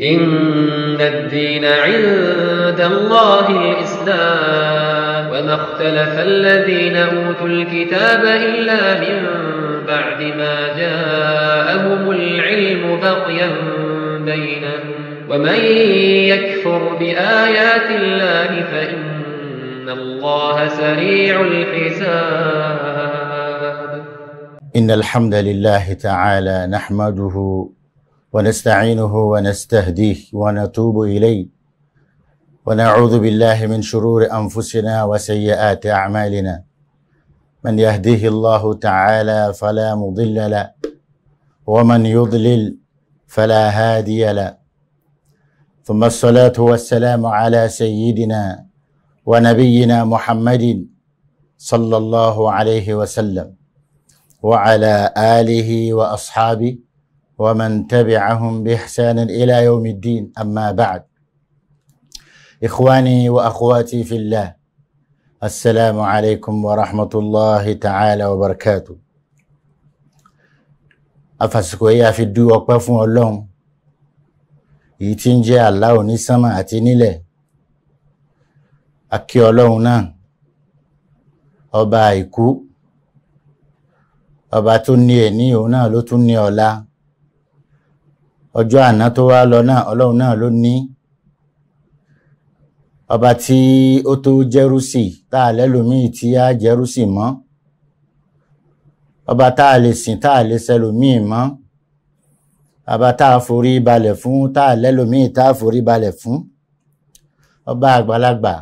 إن الدين عند الله الإسلام وما اختلف الذين أوتوا الكتاب إلا من بعد ما جاءهم العلم بقيا بينهم ومن يكفر بآيات الله فإن الله سريع الحساب إن الحمد لله تعالى نحمده ونستعينه ونستهديه ونتوب إليه ونعوذ بالله من شرور أنفسنا وسيئات أعمالنا من يهديه الله تعالى فلا مضل له ومن يضلل فلا هادي له ثم الصلاة والسلام على سيدنا ونبينا محمد صلى الله عليه وسلم وعلى آله وأصحابه ومن تبعهم باحسان الى يوم الدين اما بعد اخواني واخواتي في الله السلام عليكم ورحمه الله تعالى وبركاته afasiko yìí a fi dú ọpẹ́ fún Ọlọ́run èyí tí ń jẹ́ Allah onísánmà àti nílẹ̀ akí Ọlọ́run náà ọba àìkú ọba tó ní ẹ̀ ní òun náà ló tún ní ọ̀la ọjọ́ àná tó wá lọ náà ọlọ́run náà ló ní ọba tí ó tó jẹ́rúsì tá a lẹ́lòmíì tí á jẹ́rúsì mọ́ ọba tá a lè sìn tá a lè sẹlòmíì mọ́ ọba tá a forí balẹ̀ fún tá a lẹ́lòmíì tá a forí balẹ̀ fún ọba àgbàlagbà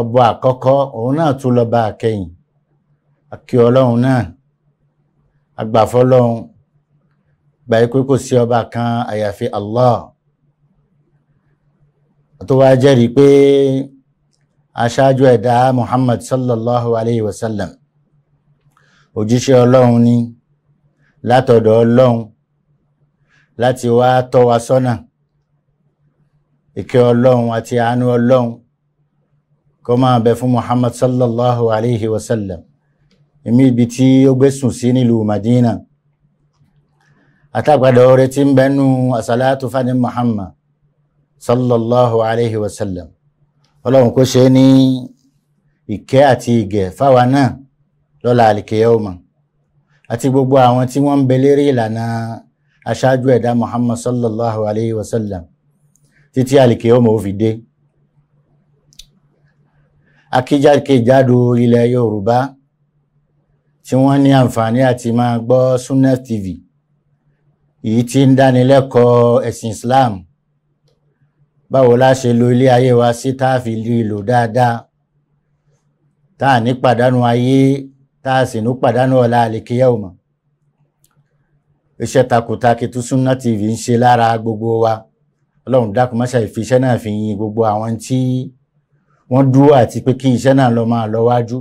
ọba àkọ́kọ́ òun náà tún lọ́ba àkẹyìn àkí ọlọ́run náà àgbàfọ́lọ́run gbàyè pé kò sí ọba kan àyàfi Allah tó wá jẹ́rìí pé aṣáájú ẹ̀dá Muhammad sallallahu alayhi wa sallam òjíṣẹ́ ọlọ́run ni látọ̀dọ̀ ọlọ́run láti wá tọ́ wa sọ́nà ìkẹ́ ọlọ́run àti àánú ọlọ́run kó máa bẹ fún Muhammad sallallahu alayhi wa sallam èmi ibi tí ó gbé sùn sí nílùú Madina àtàgbàdo oore tí ń bẹnu àsàlátù fani Muhammad sallallahu alayhi wa sallam ọlọ́run kó ṣe ní ìkẹ́ àti ìgẹ̀ fáwa náà lọ́la àlìkèyọ́mọ̀ àti gbogbo àwọn tí wọ́n ń bẹ lérí ìlànà aṣáájú ẹ̀dá Muhammad sallallahu alayhi wa sallam títí àlìkèyọ́mọ̀ ó fi dé akíjákejádò ilẹ̀ Yorùbá tí wọ́n ní àǹfààní àti máa gbọ́ Sunna TV èyí tí ń dánilẹ́kọ̀ọ́ ẹ̀sìn Islam báwo la ṣe lo ilé ayé wa sí tá a fi lè lò dáadáa tá a ní pàdánù ayé tá a sì ní pàdánù ọ̀la àlèkéyà òmà iṣẹ́ takuntakì tó Sunna TV ń ṣe lára gbogbo wa ọlọ́run dákun máṣá ìfi iṣẹ́ náà fi yin gbogbo àwọn tí wọ́n dúró àti pé kí iṣẹ́ náà lọ máa lọ wájú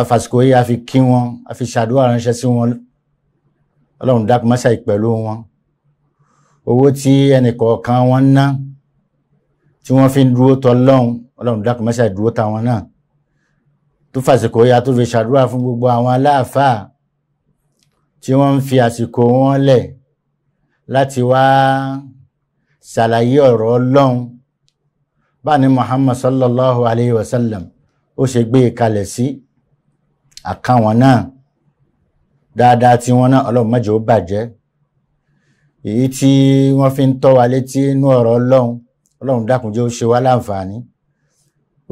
afàsìkò a fi kí wọn a fi ṣàdúrà ránṣẹ́ sí wọn ọlọ́run dákun mọ́sá ìpẹ̀lú wọn owó tí ẹnìkọ̀ọ̀kan wọn ná tí wọ́n fi ń dúró tọ́lọ́run ọlọ́run dákun mọ́sá ìdúró táwọn náà tó fàsìkò ya tó fi ṣàdúrà fún gbogbo àwọn aláàfáà tí wọ́n ń fi àsìkò wọn lẹ̀ láti wá ṣàlàyé ọ̀rọ̀ ọlọ́run báni Muhammad sallallahu alayhi wa sallam ó ṣe gbé e kalẹ̀ sí àkàwọn náà dáadáa tí wọ́n náà ọlọ́run má jẹ́ ó bàjẹ́ èyí tí wọ́n fi ń tọ́ wa létí inú ọ̀rọ̀ ọlọ́run ọlọ́run dákun jẹ́ ó ṣe wá láǹfààní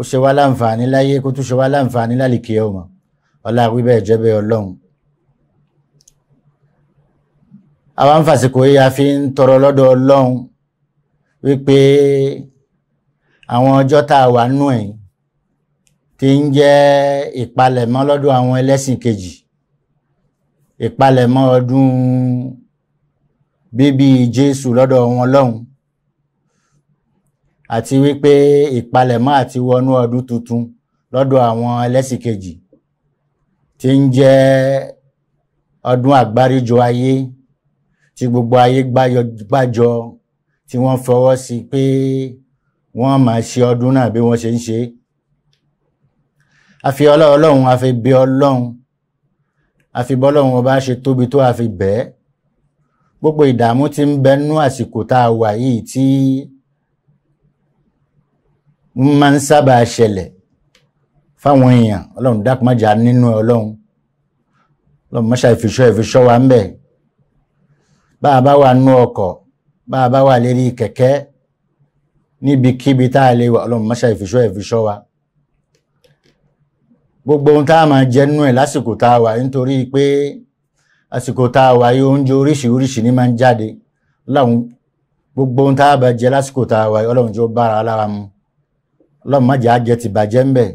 ó ṣe wá láǹfààní láyé kó tún ṣe wá láǹfààní lálìkè ọmọ ọlá wíbẹ̀ ìjẹ́bẹ̀ ọlọ́run. àwa ń fàsìkò yìí a fi ń tọrọ lọ́dọ̀ ọlọ́run wípé àwọn ọjọ́ tá a wà nù ẹ̀ tí ń jẹ́ ìpalẹ̀mọ́ lọ́dọ̀ àwọn ẹlẹ́sìn kejì ìpalẹ̀mọ́ ọdún bíbí Jésù lọ́dọ̀ wọn lọ́hùn àti wípé ìpalẹ̀mọ́ àti wọnú ọdún tuntun lọ́dọ̀ àwọn ẹlẹ́sìn kejì tí ń jẹ́ ọdún àgbáríjọ ayé tí gbogbo ayé gbájọ tí wọ́n fọwọ́ sí pé wọ́n máa ṣe ọdún náà bí wọ́n ṣe ń ṣe. a fi ọlọ́run a fi bí ọlọ́run àfi bọ́lọ́run ọba ṣe tóbi tó àfi bẹ́ẹ̀ gbogbo ìdààmú tí ń bẹ nú àsìkò tá a wà yìí tí máa ń sábà ṣẹlẹ̀ fáwọn èèyàn ọlọ́run dákúmájà nínú ọlọ́run ọlọ́run mọ́ṣá ìfiṣọ́ ìfiṣọ́ wa ń bẹ bá a bá wà nú ọkọ̀ bá a bá wà lérí kẹ̀kẹ́ níbikíbi tá a lè wà ọlọ́run mọ́ṣá ìfiṣọ́ ìfiṣọ́ wa. gbogbo ohun tá a máa jẹ nínú ẹ̀ lásìkò tá a wà nítorí pé àsìkò tá a wà oríṣiríṣi ní máa ń jáde gbogbo ohun tá a bá jẹ lásìkò tá a wà yìí ọlọ́run jọ bára lára mu ọlọ́run má ti bàjẹ́ ń bẹ̀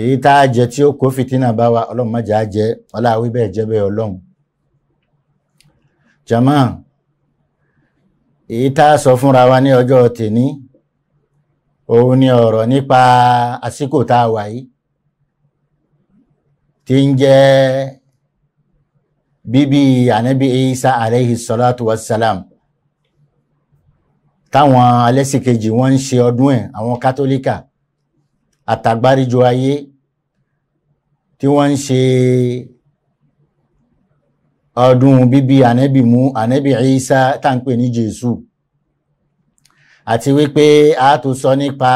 èyí tá a jẹ tí ó kó fìtínà bá wa má jama èyí tá a sọ wa ní òun ni ọ̀rọ̀ nípa àsìkò tá a wà yìí tí ń jẹ́ bíbí ànábì Isa alayhi salatu wassalam táwọn alẹ́sìkejì wọ́n ń ṣe ọdún ẹ̀ àwọn kátólíkà àtàgbáríjọ ayé tí wọ́n ń ṣe ọdún bíbí ànábì mú ànábì Isa tá ń pè ní Jésù àti wípé a tún sọ nípa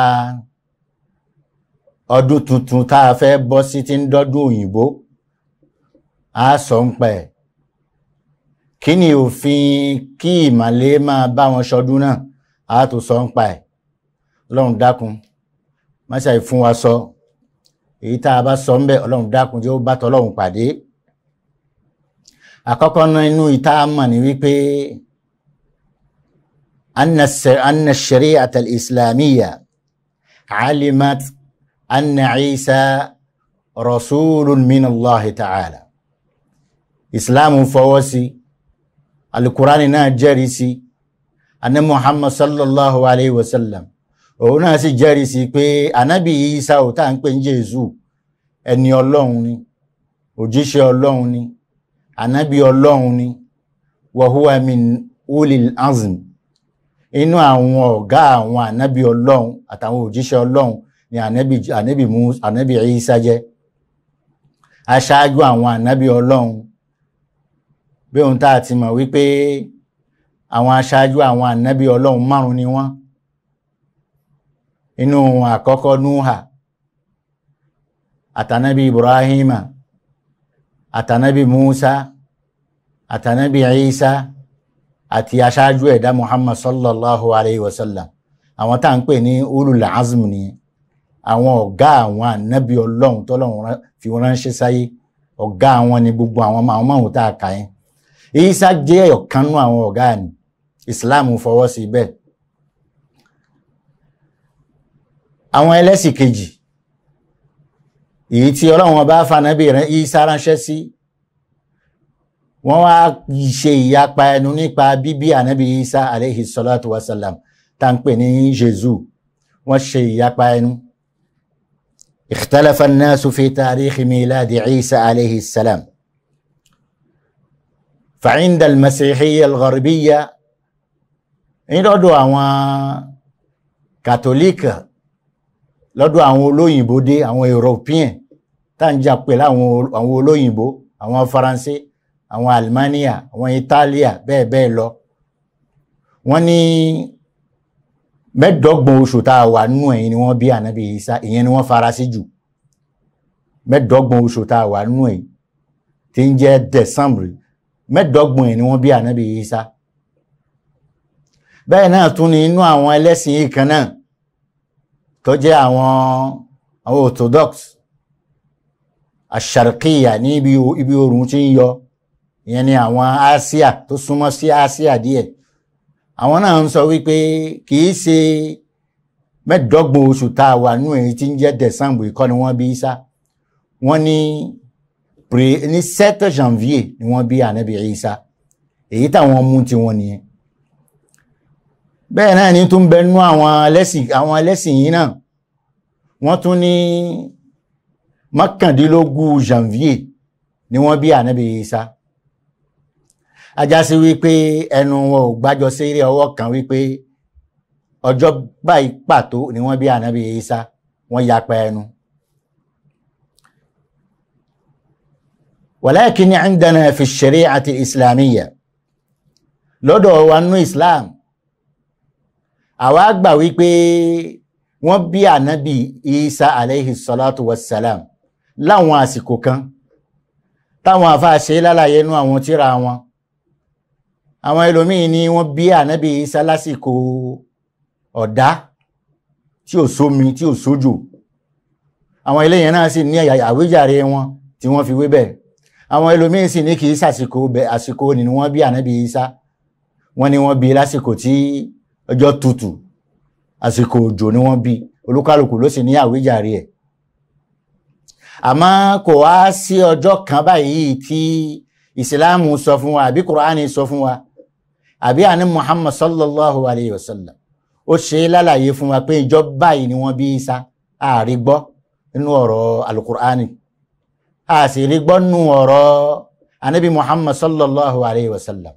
ọdún tuntun tá a fẹ́ bọ́ sí ti ń dọ́dún òyìnbó a sọ ń pẹ̀ kí ni òfin kí ìmàlẹ́ máa bá wọn ṣọdún náà a tún sọ ń pa ẹ̀ ọlọ́run dákun má ṣàì fún wa sọ èyí tá a bá sọ ń bẹ̀ ọlọ́run dákun tí ó bá tọ́lọ́run pàdé àkọ́kọ́ náà inú ìta mọ̀ ní wípé. أن أن الشريعة الإسلامية علمت أن عيسى رسول من الله تعالى إسلام فوسي القرآن ناجرسي أن محمد صلى الله عليه وسلم وناس جرسي كي أنا بي عيسى وتان كن جيزو أني اللوني جيش اللوني أنا بي اللوني وهو من أولي الأزم inú àwọn ọ̀gá àwọn ànábì ọlọ́run àtàwọn òjíṣẹ́ ọlọ́run ni ànábì Mùsá jẹ́ aṣáájú àwọn ànábì ọlọ́run bí ohun tá a ti mọ̀ wípé àwọn aṣáájú àwọn ànábì ọlọ́run márùn ni wọ́n inú àkọ́kọ́ àtànábì Ibrahima àtànábì musa, àtànábì àti aṣáájú ẹ̀dá muhammad sallallahu alayhi wa sallam àwọn tá à ń pè ní ulul azm ni àwọn ọ̀gá àwọn ànábì ọlọ́run tọ́lọ́run fi ránṣẹ́ sáyé ọ̀gá àwọn ni gbogbo àwọn àwọn márùn tá a kà yẹn Isa jẹ́ ọ̀kan nú àwọn ọ̀gá ni islam fọwọ́ sí bẹ́ẹ̀ àwọn ẹlẹ́sìn kejì èyí tí ọlọ́run bá fanábì Isa ránṣẹ́ sí wọ́n wá ṣe ìyapa ẹnu nípa bíbí ànábì isa aleyhi salatu wa salam tá ń pè ní jesu wọ́n ṣe ìyapa ẹnu. اختلف الناس في تاريخ ميلاد عيسى عليه السلام فعند المسيحية الغربية ìdọ́dọ̀ àwọn kàtólíkà lọ́dọ̀ àwọn olóyìnbó dé àwọn european tá ń jà pẹ̀lú àwọn olóyìnbó àwọn faransé àwọn Almania àwọn Italia bẹ́ẹ̀ bẹ́ẹ̀ lọ wọ́n ní mẹ́ẹ̀dọ́gbọ̀n oṣù tá a wà nínú ẹ̀yìn ni wọ́n bí ànábì Ìsá ìyẹn ni wọ́n fara sí jù mẹ́ẹ̀dọ́gbọ̀n oṣù tá a wà nínú ẹ̀yìn tí ń jẹ́ December mẹ́ẹ̀dọ́gbọ̀n ẹ̀ ni wọ́n bí ànábì Ìsá bẹ́ẹ̀ náà tún ni inú àwọn ẹlẹ́sìn yìí kan náà tó jẹ́ àwọn àwọn orthodox asharkiya ní ibi oòrùn tí ń yọ ìyẹn ni àwọn Asia tó súnmọ́ sí Asia díẹ̀ àwọn náà ń sọ wípé kì í ṣe mẹ́ẹ̀ẹ́dọ́gbọ̀n oṣù tá a wà nínú èyí tí ń jẹ́ December kọ́ ni wọ́n bí Isa wọ́n ní pre ní sept janvier ni wọ́n bí Ànábì Isa èyí táwọn mú tiwọn nìyẹn bẹ́ẹ̀ náà ni tún bẹ nú àwọn ẹlẹ́sìn àwọn ẹlẹ́sìn yìí náà wọ́n tún ní mọ́kàndínlógún janvier ni wọ́n bí Ànábì Isa ajásí wípé ẹnu wọn ò gbájọ séré ọwọ́ kan wípé ọjọ́ báyìí pàtó ni wọ́n bí ànábì Ìsá wọ́n yapa ẹnu. walakin indana fi shari'ati islamiyya lọ́dọ̀ wa nú islam àwa gbà wípé wọ́n bí ànábì Ìsá alayhi salatu wassalam láwọn àsìkò kan táwọn àfa ṣe lálàyé nú àwọn tíra wọn àwọn ẹlòmíín ni wọ́n bí ànábì Ìsá lásìkò ọ̀dá tí ò sómi tí ò sójò àwọn eléyìí náà sì ní àwíjàre wọn tí wọ́n fi wé bẹ́ẹ̀ àwọn ẹlòmíín sì ní kì í sàsìkò àsìkò ni wọ́n bí ànábì isa, wọ́n ní wọ́n bí lásìkò tí ọjọ́ tutù àsìkò òjò ni wọ́n bí olúkálùkù ló sì ní àwíjàre ẹ̀ àmọ́ kò wá sí ọjọ́ kan báyìí tí ìsìláàmù sọ fún wa àbí kùránì sọ fún wa àbí àní Muhammad sallallahu alayhi wa sallam ó ṣe é lálàyé fún wa pé ìjọ báyìí ni wọ́n bí Isa àárí gbọ́ nínú ọ̀rọ̀ alukur'ani a sì rí gbọ́ nínú ọ̀rọ̀ anabi Muhammad sallallahu alayhi wa sallam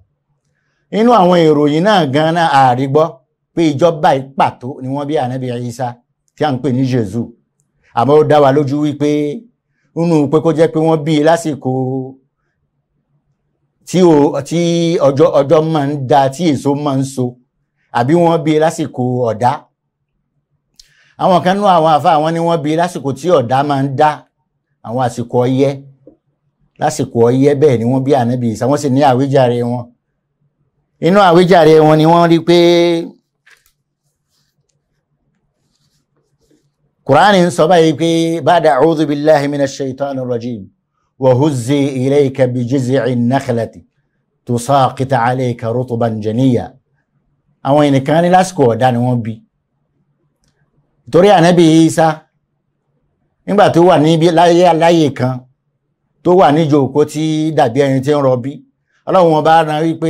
inú àwọn ìròyìn náà gan-an àárí gbọ́ pé ìjọ báyìí pàtó ni wọ́n bí anabi Isa tí a ń pè ní Jésù àmọ́ ó dá wa lójú wípé nínú pé kó jẹ́ pé wọ́n bí lásìkò tí ọjọ́ ọjọ́ máa ń da tí èso máa ń so àbí wọ́n bí lásìkò ọ̀dá àwọn kan nú àwọn àfa àwọn ni wọ́n bí lásìkò tí ọ̀dá máa ń da àwọn àsìkò ọyẹ́ lásìkò ọyẹ́ bẹ́ẹ̀ ni wọ́n bí ànábì Ìsá wọ́n sì ní àwíjàre wọn inú àwíjàre wọn ni wọ́n rí pé Kùránì sọ báyìí pé ba'da a'udhu billahi minash shaitanir rajim. وهزي إليك بجذع النخلة تساقط عليك رطبا جنيا àwọn ẹnìkan ní lásìkò ọ̀dá ni wọ́n bí torí ànábì Ìsá nígbà tó wà ní láyé aláyè kan tó wà ní jòkó tí dàbí ẹni tí ń rọbí ọlọ́run wọn bá rán wípé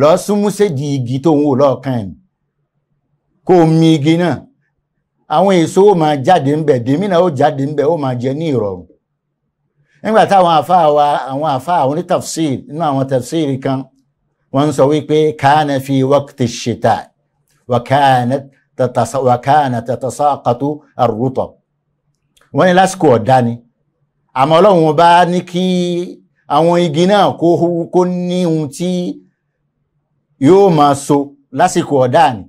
lọ súnmú séjì igi tó ń wò lọ́ọ̀kan ẹ̀ kó mi igi náà àwọn èso ó máa jáde ńbẹ̀ dèmínà ó jáde ńbẹ̀ ó máa jẹ ní ìrọ̀rùn nígbà táwọn àfáà wa àwọn àfáà àwọn onítafsir nínú àwọn tafsir kan wọ́n sọ wípé kana fi waqti shita wa kana wa kana tatasaqatu ar-rutab wọ́n ní lásìkò ọ̀dá ni àmọ́ ọlọ́run bá ní kí àwọn igi náà kó ní ohun tí yóò máa so lásìkò ọ̀dá ni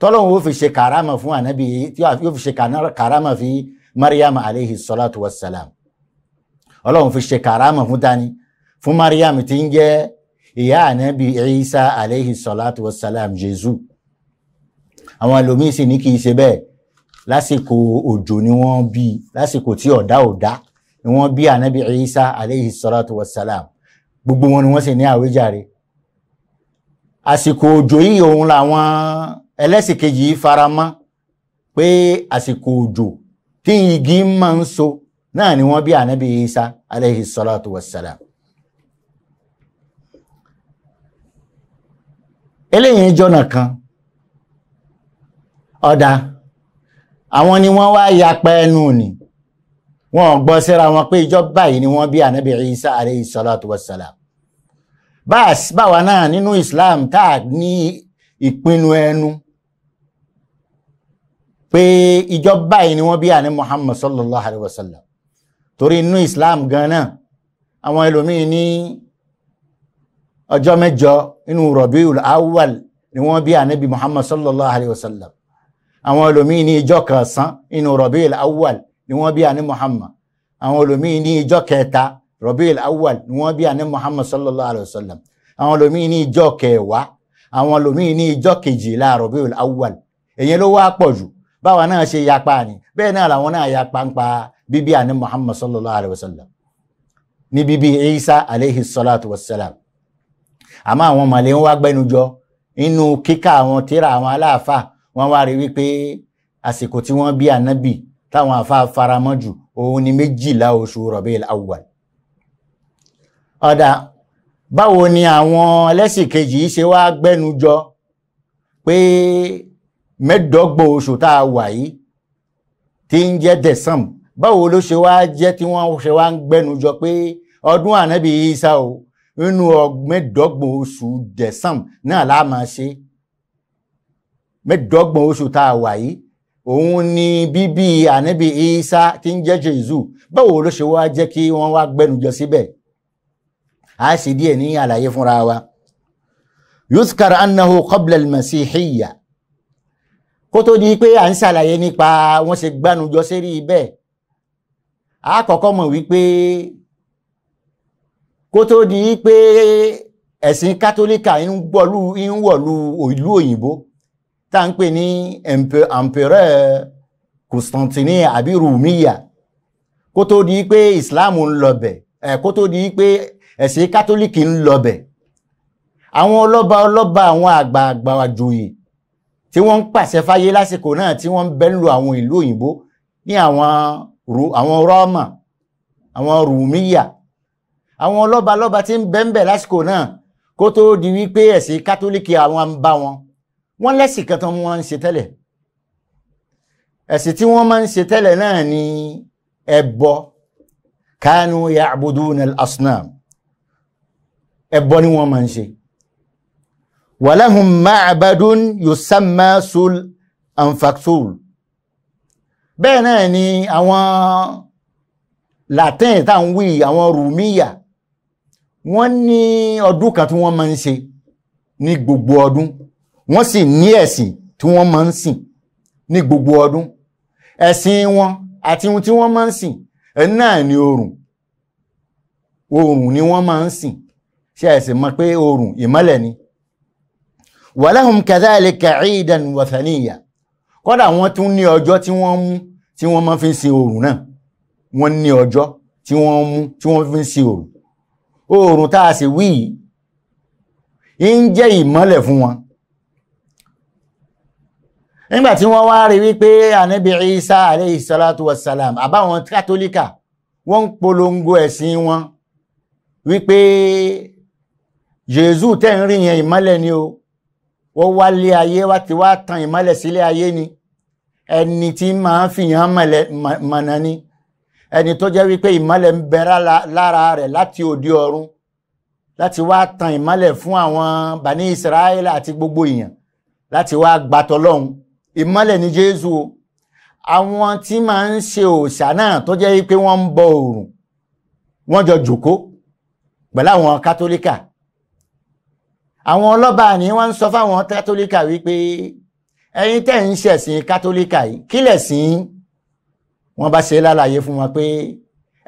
tọ́lọ́run ó fi ṣe kàrámà fún ànábì yóò fi ṣe kàrámà fi Maryam alayhi salatu wassalam ọlọ́run fi ṣe kàrámọ̀ fún tani fún mariam tí ń jẹ́ ìyá ànábì isa aleyhi salatu wasalam jesu àwọn ẹlòmíín sì ní kì í ṣe bẹ́ẹ̀ lásìkò òjò ni wọ́n bí lásìkò tí ọ̀dá ọ̀dá ni wọ́n bí ànábì isa aleyhi salatu wasalam gbogbo wọn ni wọ́n sì ní àwíjàre àsìkò òjò yìí òun làwọn ẹlẹ́sìn kejì fara mọ́ pé àsìkò òjò tí igi máa ń so náà ni wọ́n bí ànábì Isa alayhi salatu wassalam eléyìí jọ́nà kan ọ̀dà àwọn ni wọ́n wá yapa ẹnu ni wọ́n gbọ́ síra wọn pé ìjọ báyìí ni wọ́n bí ànábì Isa alayhi salatu wassalam báwa náà nínú Islam táà ní ìpinnu ẹnu pé ìjọ báyìí ni wọ́n bí ànábì Muhammad sallallahu alayhi wa sallam torí inú Islam gan náà àwọn ẹlòmíín ní ọjọ́ mẹ́jọ inú Rabiul Awwal ni wọ́n bí ànábì Muhammad sallallahu alayhi wa sallam àwọn ẹlòmíín ní ìjọ kẹsàn inú Rabiul Awwal ni wọ́n bí ànábì Muhammad àwọn ẹlòmíín ní ìjọ kẹta Rabiul Awwal ni wọ́n bí ànábì Muhammad sallallahu alayhi wa sallam àwọn ẹlòmíín ní ìjọ kẹwàá àwọn ẹlòmíín ní ìjọ kejìlá Rabiul Awwal èyí ló wá pọ̀ jù báwa náà ṣe yapa ni bẹ́ẹ̀ náà làwọn náà yapa ń pa bíbí àní muhammad sallallahu alayhi wa sallam ní bíbí isa alayhi salatu wa salam àmọ́ àwọn màlẹ́ ń wá gbẹnujọ inú kíkà àwọn tíra àwọn aláàfà wọ́n wá rí wípé àsìkò tí wọ́n bí ànábì táwọn àfa faramọ́ jù òun ni méjìlá oṣù rọ̀bẹ́ẹ̀lì awwal ọ̀dà báwo ni àwọn ẹlẹ́sìn kejì ṣe wá gbẹ́nujọ pé mẹ́dọ́gbọ̀n oṣù tá a wà yìí tí ń jẹ́ december báwo ló ṣe wá jẹ́ tí wọ́n ṣe wá ń gbẹ́nu jọ pé ọdún ànábì Ìsá o nínú mẹ́ẹ̀ẹ́dọ́gbọ̀n oṣù dẹ̀sán náà la máa ṣe mẹ́ẹ̀ẹ́dọ́gbọ̀n oṣù tá a wà yìí òun ni bíbí ànábì Ìsá tí ń jẹ́ Jésù báwo ló ṣe wá jẹ́ kí wọ́n wá gbẹ́nu jọ síbẹ̀ a ṣe díẹ̀ ní àlàyé fúnra wa yuzkar annahu qabla al kó tó di pé à ń ṣàlàyé nípa wọ́n ṣe gbẹ́nu sí rí bẹ́ẹ̀ a kọ́kọ́ mọ̀ wípé kó tó di pé ẹ̀sìn kátólíkà ń wọ̀lú ń wọ̀lú ìlú òyìnbó tá à ń pè ní empereur Constantine àbí Rumiya kó tó di pé Islam ń lọbẹ̀ kó tó di pé ẹ̀sìn kátólíkì ń lọbẹ̀ àwọn ọlọ́ba ọlọ́ba àwọn àgbààgbà àjòyè tí wọ́n ń pàṣẹ fáyé lásìkò náà tí wọ́n ń bẹ ń lu àwọn ìlú òyìnbó ní àwọn àwọn rọ́ọ̀mà àwọn rùmíyà àwọn lọ́balọ́ba tí ń bẹ́ńbẹ̀ lásìkò náà kó tó di wípé ẹ̀sìn kátólíkì àwọn ń bá wọn wọ́n lẹ́sìn kan tán wọ́n ń ṣe tẹ́lẹ̀ ẹ̀sìn tí wọ́n máa ń ṣe tẹ́lẹ̀ náà ni ẹbọ kánú ya'buduna al-asnam ẹbọ ni wọ́n máa ń ṣe walahum ma'badun yusamma sul anfaktul bẹ́ẹ̀ náà ni àwọn latin tá ń wí àwọn rumiya wọ́n ní ọdún kan tí wọ́n máa ń ṣe ní gbogbo ọdún wọ́n sì ní ẹ̀sìn tí wọ́n máa ń sìn ní gbogbo ọdún ẹ̀sìn wọn àti ohun tí wọ́n máa ń sìn náà ni oòrùn oòrùn ni wọ́n máa ń sìn ṣé ẹ sì pé oòrùn ìmọ́lẹ̀ ni walahum kadhalika idan wathaniya kódà wọ́n tún ní ọjọ́ tí wọ́n mú tí wọ́n máa fi ń ṣe oòrùn náà wọ́n ní ọjọ́ tí wọ́n mú tí wọ́n fi ń ṣe oòrùn oòrùn tá a sì wí yìí ń jẹ́ ìmọ́lẹ̀ fún wọn nígbà tí wọ́n wá rí wípé ànábì Isa aleyhi salatu wassalam àbáwọn kátólíkà wọ́n ń polongo ẹ̀sìn wọn wípé Jésù tẹ́ ń rí yẹn ìmọ́lẹ̀ ni o wọ́n wá lé ayé wá ti wá tan ìmọ́lẹ̀ sílé ayé ni ẹni tí máa fìyàn mọ̀nà ni ẹni tó jẹ́ wípé ìmọ́lẹ̀ ń bẹ lára rẹ̀ láti òde ọ̀run láti wá tan ìmọ́lẹ̀ fún àwọn bani Israẹli àti gbogbo èèyàn láti wá gbàtọ́lọ́hun ìmọ́lẹ̀ ni Jésù o àwọn tí máa ń ṣe òòṣà náà tó jẹ́ wípé wọ́n ń bọ òòrùn wọ́n jọ jòkó pẹ̀lú àwọn kátólíkà àwọn ọlọ́ba ni wọ́n ń sọ fáwọn kátólíkà wípé ẹ̀yin tẹ́ ń ṣẹ̀sìn kátólíkà yìí kí lẹ̀sìn wọn bá ṣe lálàyé fún wọn pé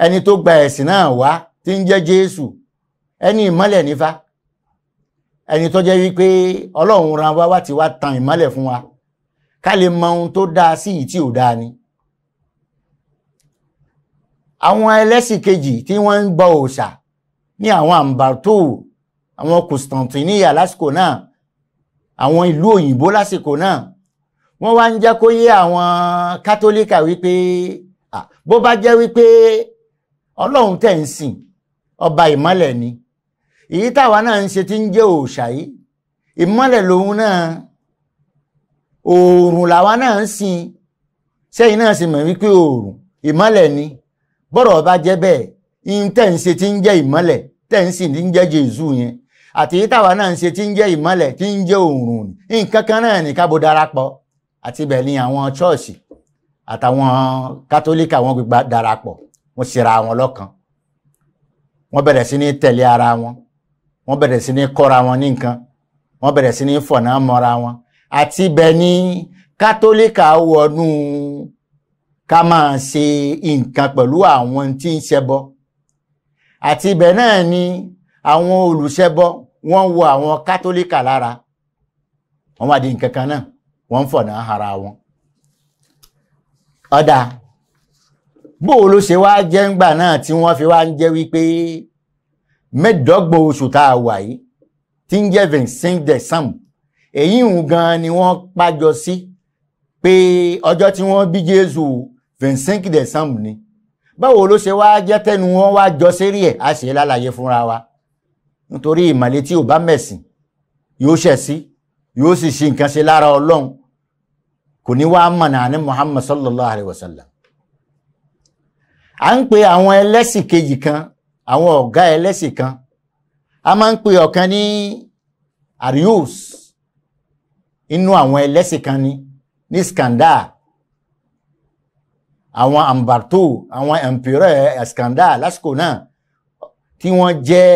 ẹni tó gba ẹ̀sìn náà wá tí ń jẹ́ Jésù ẹni ìmọ́lẹ̀ nífà ẹni tó jẹ́ wípé Ọlọ́run ran wá wá ti wá tan ìmọ́lẹ̀ fún wa ká lè mọ ohun tó dáa sí yìí tí ò dáa ni àwọn ẹlẹ́sìn kejì tí wọ́n ń bọ òòṣà ní àwọn àǹbàtò àwọn Constantinople lásìkò náà àwọn ìlú òyìnbó lásìkò náà wọ́n wá ń jẹ́ kó yé àwọn kátólíkà wípé bó bá jẹ́ wípé ọlọ́run tẹ̀ ń sìn ọba ìmọ́lẹ̀ ni èyí táwa náà ń ṣe tí ń jẹ́ òòṣà yìí ìmọ́lẹ̀ lòun náà oòrùn làwa náà ń sìn sẹ́yìn náà sì mọ̀ wípé oòrùn ìmọ́lẹ̀ ni bọ́rọ̀ ọba jẹ́ bẹ́ẹ̀ ihun tẹ̀ ń ṣe tí ń jẹ́ ìmọ́lẹ̀ tẹ̀ ń sìn tí ń jẹ́ Jésù yẹn àti èyí táwa náà ń ṣe tí ń jẹ́ ìmọ́lẹ̀ tí ń jẹ́ oòrùn nǹkan kan náà ní kábo darapọ̀ àti ibẹ̀ ni àwọn chọ́ọ̀ṣì àtàwọn kátólíkà wọn gbígba darapọ̀ wọn ṣera wọn lọ́kan wọn bẹ̀rẹ̀ sí ní tẹ̀lé ara wọn wọn bẹ̀rẹ̀ sí ní kọ́ra wọn ní nǹkan wọn bẹ̀rẹ̀ sí ní fọ̀nà mọ́ra wọn àti ibẹ̀ ni kátólíkà wọnú ká máa ṣe nǹkan pẹ̀lú àwọn tí ń ṣẹbọ àti ibẹ̀ náà ni àwọn olùṣẹbọ wọ́n wo àwọn kátólíkà lára wọ́n wá di nǹkan kan náà wọ́n ń fọ̀nà ara wọn. ọ̀dà bó o ló ṣe wá jẹ́ ńgbà náà tí wọ́n fi wá ń jẹ́ wípé mẹ́ẹ̀ẹ́dọ́gbọ̀n oṣù tá a wà yìí tí ń jẹ́ vincent desam èyí ń gan ni wọ́n pájọ sí pé ọjọ́ tí wọ́n bí Jésù vincent desam ni báwo ló ṣe wá jẹ́ tẹ́nu wọn wá jọ sérí ẹ̀ á ṣe lálàyé fúnra wa nítorí ìmọ̀lẹ́ tí ò bá mẹ̀sìn yóò ṣẹ̀ sí yóò sì ṣe nǹkan ṣe lára Ọlọ́run kò ní wàá mọ̀nà àní Muhammad sallallahu alayhi wa sallam à ń pe àwọn ẹlẹ́sìn kejì kan àwọn ọ̀gá ẹlẹ́sìn kan a máa ń pe ọ̀kan ní Arius inú àwọn ẹlẹ́sìn kan ní ní Skandar àwọn ambarto àwọn emperor Skandar lásìkò náà tí wọ́n jẹ́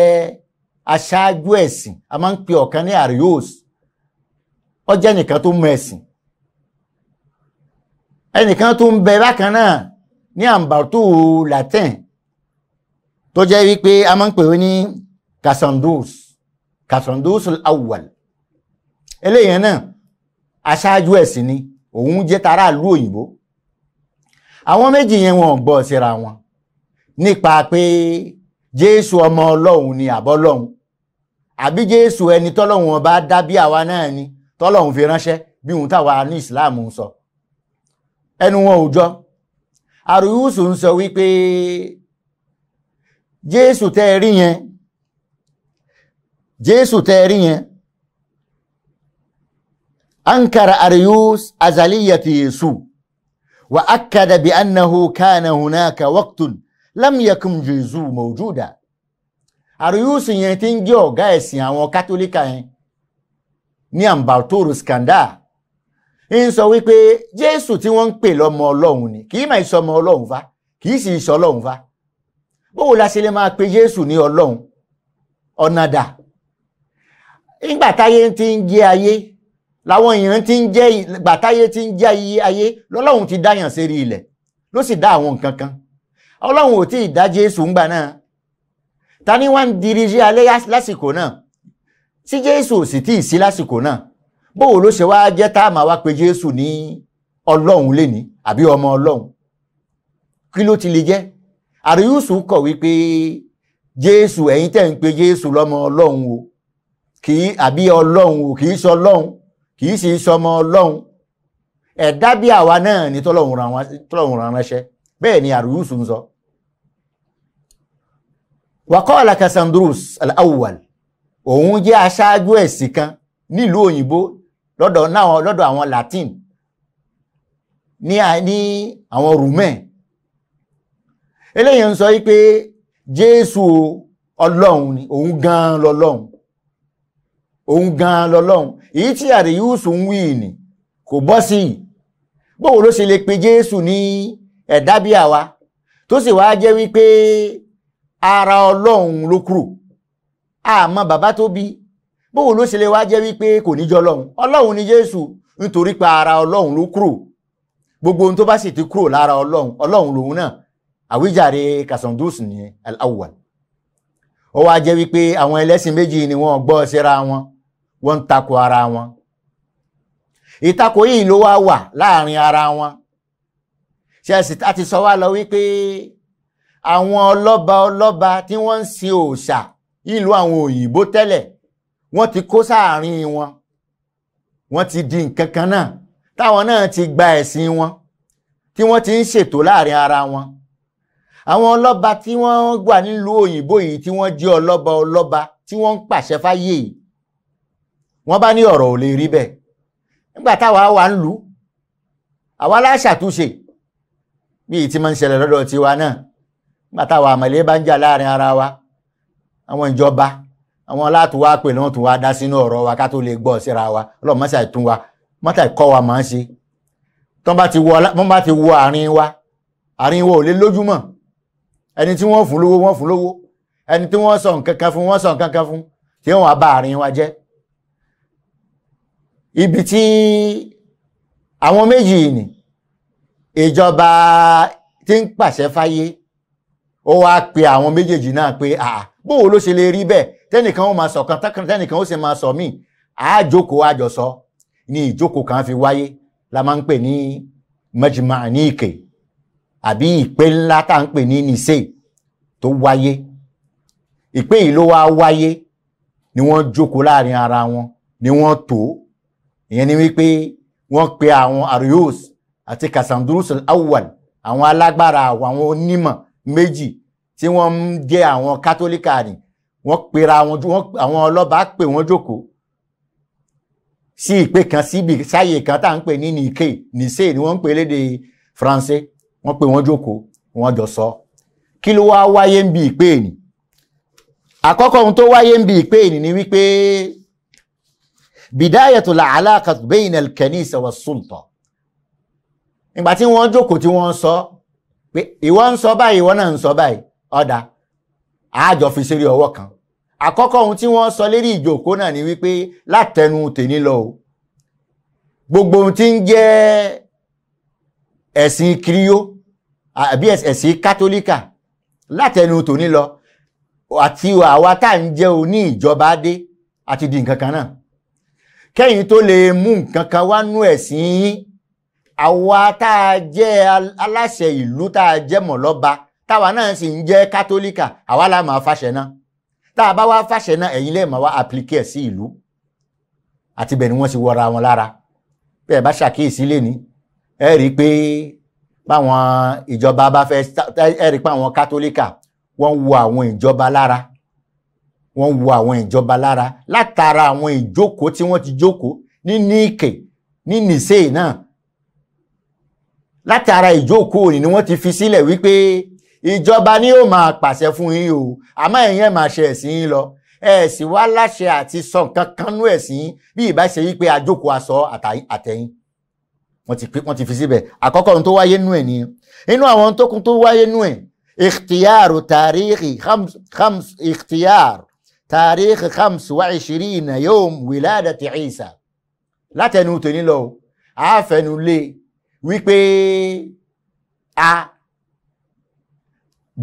aṣáájú ẹ̀sìn a máa ń pe ọ̀kan ní Arius ó nìkan tó mọ ẹ̀sìn ẹnìkan tó ń bẹ bákan náà ní àǹbàtò latin tó jẹ́ wípé a máa ń pè ó ní casandus casandus awwal eléyẹn náà aṣáájú ẹ̀sìn ni òun jẹ́ tara ìlú òyìnbó àwọn méjì yẹn wọn gbọ́ síra wọn nípa pé jésù ọmọ ọlọ́run ni àbọ́lọ́run àbí jésù ẹni tọ́lọ́run ọba dá bí àwa náà ni tọ́lọ́run fi ránṣẹ́ bí òun táwa ní ìsìláàmù sọ. So ẹnu wọn ò jọ àrùsù ń sọ wípé jésù tẹ́ ẹ rí yẹn jésù tẹ́ ẹ rí yẹn ankara àrùs azaliyati yesu wa akada bi annahu kana hunaka waqtun lam yakun jésù mawjuda àrùs yẹn ti ń jẹ́ ọ̀gá ẹ̀sìn àwọn kátólíkà yẹn ní àmbàtòrò scandal ń sọ wípé jésù tí wọ́n ń pè lọ́mọ ọlọ́run ni kì í máa sọ ọmọ ọlọ́run fa kì í sì sọ ọlọ́run fa báwo la ṣe lè máa pe jésù ní ọlọ́run ọ̀nà dà nígbà táyé ti ń jẹ́ ayé làwọn èèyàn ti ń jẹ́ ìgbà táyé ti ń jẹ́ ayé lọ́lọ́run ti dáyàn sérí ilẹ̀ ló sì dá àwọn nǹkan kan ọlọ́run ò tí ì dá jésù ńgbà náà ta ni wọ́n ń dirijé alẹ́ lásìkò náà tí jésù ò sì tí ì sí lásìkò náà bóò ló ṣe wáá jẹ́ tá a máa wá pe Jésù ní ọlọ́run lénìí àbí ọmọ ọlọ́run kí ló ti lè jẹ́ àríyùsù kọ̀ wípé Jésù ẹ̀yin tẹ̀ ń pe Jésù lọ́mọ ọlọ́run o kì í àbí ọlọ́run o kì í sọ ọlọ́run kì í sì sọmọ ọlọ́run ẹ̀dá bí àwa náà ni tọ́lọ́run ránṣẹ́ bẹ́ẹ̀ ni àríyùsù ń sọ. wàkọ́ọ̀lá Cassandrus al òun jẹ́ aṣáájú ẹ̀sìn kan nílùú òyìnbó lọ́dọ̀ náà lọ́dọ̀ àwọn Latin ní àwọn Rùmẹ́ eléyìí ń sọ wípé Jésù ọlọ́run ni òun gan lọ́lọ́run òun gan lọ́lọ́run èyí tí àríyúsù ń wí ni kò bọ́ sí i bówo ló ṣe lè pe Jésù ní ẹ̀dá bí àwa tó sì wá jẹ́ wípé ara ọlọ́run ló kúrò àmọ́ bàbá tó bí bóun ló ṣe lè wá jẹ́ wípé kò ní jọ ọlọ́run ọlọ́run ni jésù nítorí pé ara ọlọ́run ló kúrò gbogbo ohun tó bá sì ti kúrò lára ọlọ́run ọlọ́run lòun náà àwíjàre kasandus ní al ó wá jẹ́ wípé àwọn ẹlẹ́sìn méjì ni wọ́n gbọ́ síra wọn wọ́n ń takò ara wọn ìtakò yìí ló wá wà láàrin ara wọn ṣe ẹ̀sìn láti sọ wá lọ wípé àwọn ọlọ́ba ọlọ́ba tí wọ́n ń sin òòṣà ìlú àwọn òyìnbó tẹ́lẹ̀ wọ́n ti kó sáàárín wọn wọ́n ti di nǹkan kan náà táwọn náà ti gba ẹ̀sìn wọn tí wọ́n ti ń ṣètò láàárín ara wọn àwọn ọlọ́ba tí wọ́n wà nílùú òyìnbó yìí tí wọ́n jẹ́ ọlọ́ba ọlọ́ba tí wọ́n ń pàṣẹ fáyé yìí wọ́n bá ní ọ̀rọ̀ ò lè rí bẹ́ẹ̀ nígbà táwa wà ń lù àwa láṣàtúnṣe bíi tí máa ń ṣẹlẹ̀ lọ́dọ̀ tiwa náà nígbà táwa àmọ̀lé bá ń jà láàárín ara wa àwọn ìjọba àwọn aláàtò wa pè náà tún wá dá sínú ọ̀rọ̀ wa ká tó lè gbọ́ síra wa ọlọ́run mọ́sà ìtún wa mọ́sà ìkọ́ wa máa ń ṣe tọ́n bá ti wọ àárín wa àárín wa ò lè lójúmọ̀ ẹni tí wọ́n fún lówó wọ́n fún lówó ẹni tí wọ́n sọ nǹkan kan fún wọ́n sọ nǹkan kan fún tí wọ́n wá bá àárín wa jẹ́ ibi tí àwọn méjì ni ìjọba tí ń pàṣẹ fáyé ó wá pe àwọn méjèèjì náà pé àà bóò ló ṣe lè rí bẹ́ẹ̀ tẹ́nìkan ó máa sọ kan tẹ́nìkan ó sì máa sọ míì àájókòó àjọsọ ni ìjókòó kan fi wáyé la máa ń pè ní mẹjìmá ní ìkè àbí ìpè ńlá tá à ń pè ní nìṣe tó wáyé ìpè yìí ló wá wáyé ni wọ́n jókòó láàrin ara wọn ni wọ́n tó ìyẹn ni wípé wọ́n pe àwọn arius àti kasandrus awwal àwọn alágbára àwọn onímọ̀ méjì tí wọ́n ń jẹ́ àwọn kátólíkà nìyí wọ́n pera wọn àwọn ọlọ́ba pè wọ́n jókòó sí ìpè kan síbi sáyè kan tá à ń pè ní nìké nìsé ni wọ́n ń pè léde faransé wọ́n pè wọ́n jókòó wọ́n jọ sọ kí ló wá wáyé ń bi ìpè ni àkọ́kọ́ ohun tó wáyé ń bi ìpè ni ni wípé bidayatul alaqat bayna al-kanisa wa sultan nígbà tí wọ́n jókòó tí wọ́n sọ pé ìwọ sọ báyìí ìwọ náà ń sọ báyìí ọ̀dà àjọ fi ṣeré ọwọ́ kan àkọ́kọ́ ohun tí wọ́n sọ lérí ìjòkó náà ni wípé látẹnu tèmi lọ o gbogbo ohun tí ń jẹ́ ẹ̀sìn kiriyó àbí ẹ̀sìn kátólíkà látẹnu tòní lọ àti àwa tá à ń jẹ́ oní ìjọba dé àti di nǹkan kan náà kẹ́yìn tó lè mú nǹkan kan wá nú ẹ̀sìn yín àwa tá a jẹ́ aláṣẹ ìlú tá a jẹ́ mọ̀lọ́ba táwa náà sì ń jẹ́ kátólíkà àwa la máa fàṣẹ náà tá a bá wá fàṣẹ náà ẹ̀yin lẹ́ẹ̀ máa wá àplíkì ẹ̀ sí ìlú àti bẹ̀ ni wọ́n ti wọra wọn lára bí ẹ bá ṣàkíyèsí lẹ́ni ẹ rí i pé báwọn ìjọba bá fẹ́ ẹ rí i pé àwọn kátólíkà wọ́n wo àwọn ìjọba lára wọ́n wo àwọn ìjọba lára látara àwọn ìjókòó tí wọ́n ti jókòó ní níkè ní nìṣe náà látara ìjókòó ni wọ́n ti fi sílẹ̀ wípé ìjọba ni yóò máa pàṣẹ fún yín o àmọ́ ẹ̀yin ẹ̀ máa ṣe ẹ̀sìn yín lọ ẹ sì wá láṣẹ àti sọ nǹkan kan nú ẹ̀sìn bí ìbá ṣe yí pé àjókòó aṣọ àtẹ̀yìn wọ́n ti fi síbẹ̀ àkọ́kọ́ ohun tó wáyé nú ẹ̀ nìyẹn inú àwọn ohun tó kún tó wáyé nú ẹ̀ ikhtiyar tarihi khams khams ikhtiyar tarihi khams wa ishirina yom wiladati Isa látẹnu tòní lọ àáfẹnulé wípé a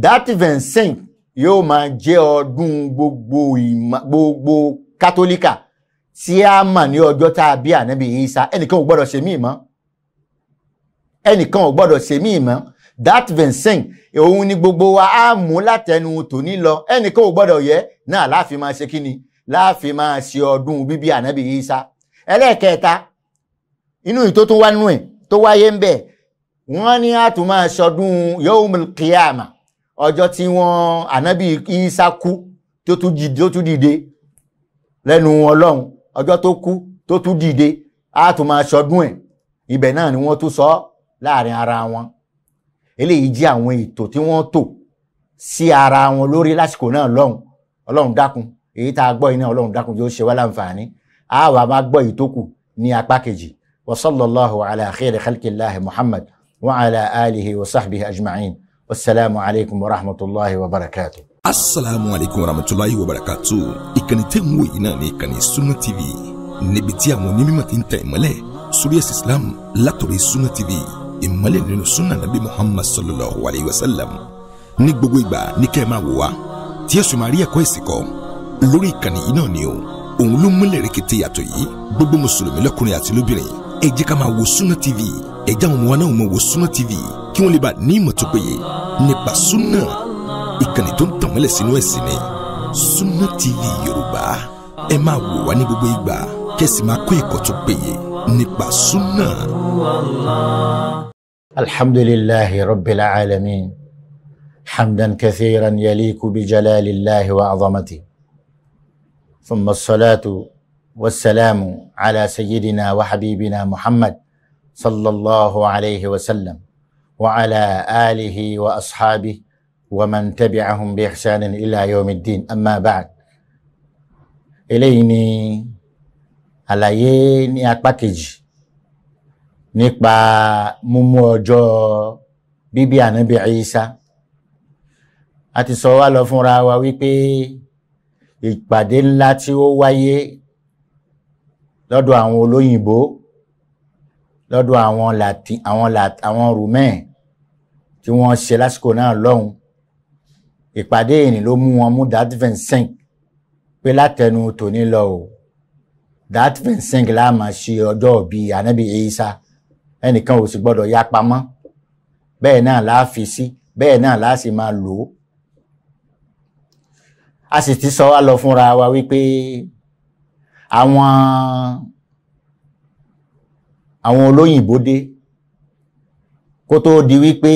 that vincent yóò máa jẹ́ ọdún gbogbo ìmọ̀ gbogbo kátólíkà tí a mọ̀ ní ọjọ́ tá a bí ànábì Ìsá ẹnìkan ò gbọ́dọ̀ ṣe míì mọ́ ẹnìkan ò gbọ́dọ̀ ṣe míì mọ́ that vincent òun ni gbogbo wa á mú látẹnu tòní lọ ẹnìkan ò gbọ́dọ̀ yẹ náà láàfin máa ṣe kí ni láàfin máa ṣe ọdún bíbí ànábì Ìsá ẹlẹ́ẹ̀kẹta inú ìtó tó wá nú ẹ̀ tó wáyé ń bẹ̀ wọ́n ní a tún máa ṣọdún yawmul qiyamah ọjọ́ tí wọ́n ànábì Ìsá kú tó tún dìde lẹ́nu ọlọ́run ọjọ́ tó kú tó tún dìde á tún máa ṣọdún ẹ̀ ibẹ̀ náà ni wọ́n tún sọ láàrin ara wọn eléyìí jẹ́ àwọn ètò tí wọ́n tò sí ara wọn lórí lásìkò náà lọ́hùn ọlọ́run dákun èyí tá a gbọ́ iná ọlọ́run dákun yóò ṣe wá láǹfààní á wà máa gbọ́ èyí ní apá kejì wa sallallahu ala khayri khalqillahi muhammad wa ala alihi wa sahbihi ajma'in wasalaamu alaykum wa rahmatulahi wa barakatu. asalaamu alaykum wa rahmatulahi wa barakatu ìkànnì tẹ́ ń wò yìí náà ni ìkànnì Sunna TV níbi tí àwọn onímọ̀ ti ń tẹ̀ ìmọ́lẹ̀ sórí ẹ̀sìn Islam látọ̀rọ̀ Sunna TV ìmọ́lẹ̀ nínú sunna nabi Muhammad sallallahu alayhi wa sallam ní gbogbo ìgbà ní kẹ́ ẹ máa wò wá tí ẹ sì máa rí ẹ̀kọ́ ẹ̀sìn kọ́ lórí ìkànnì yìí náà ni o òun ló múlẹ̀ rẹ̀kẹ̀tẹ̀ yàtọ̀ yìí gbogbo mùsùlùmí lọ́kùnrin àti lóbìnrin ẹ ká máa wo Sunna TV ẹ jáwọn ọmọ wa náà máa wo Sunna TV kí wọ́n lè bá ní ìmọ̀ tó péye nípa súnà ìkànnì tó ń tànmọ́lẹ̀ sínú ẹ̀sìn ni súnà TV yorùbá ẹ máa wò wá ní gbogbo ìgbà kẹ́sì máa kó ẹ̀kọ́ tó péye nípa súnà. alhamdulilahi rabbil alamin hamdan kathiran yaliku bi jalalillahi wa azamati thumma salatu wassalamu ala sayyidina wa habibina muhammad sallallahu alayhi wa وعلى آله وأصحابه ومن تبعهم بإحسان إلى يوم الدين أما بعد eléyìí ni àlàyé ní apá kejì nípa mímú ọjọ́ bíbí ànábì Ìsá a ti sọ wá lọ fúnra wa wípé ìpàdé ńlá tí ó wáyé lọ́dọ̀ àwọn olóyìnbó lọ́dọ̀ àwọn latin àwọn latin àwọn romain tí wọ́n ṣe lásìkò náà lọ́hùn ìpàdé ìrìn ló mú wọn mú dat vingt-cinq pé látẹnu tòní lọ o dat vingt-cinq la máa ṣe ọjọ́ òbí anabi Isa ẹnìkan ò sì gbọ́dọ̀ ya pamọ́ bẹ́ẹ̀ náà la fi sí bẹ́ẹ̀ náà la sì máa lò ó a sì ti sọ wá lọ fúnra wa wípé àwọn àwọn olóyìnbó dé kó tó di wípé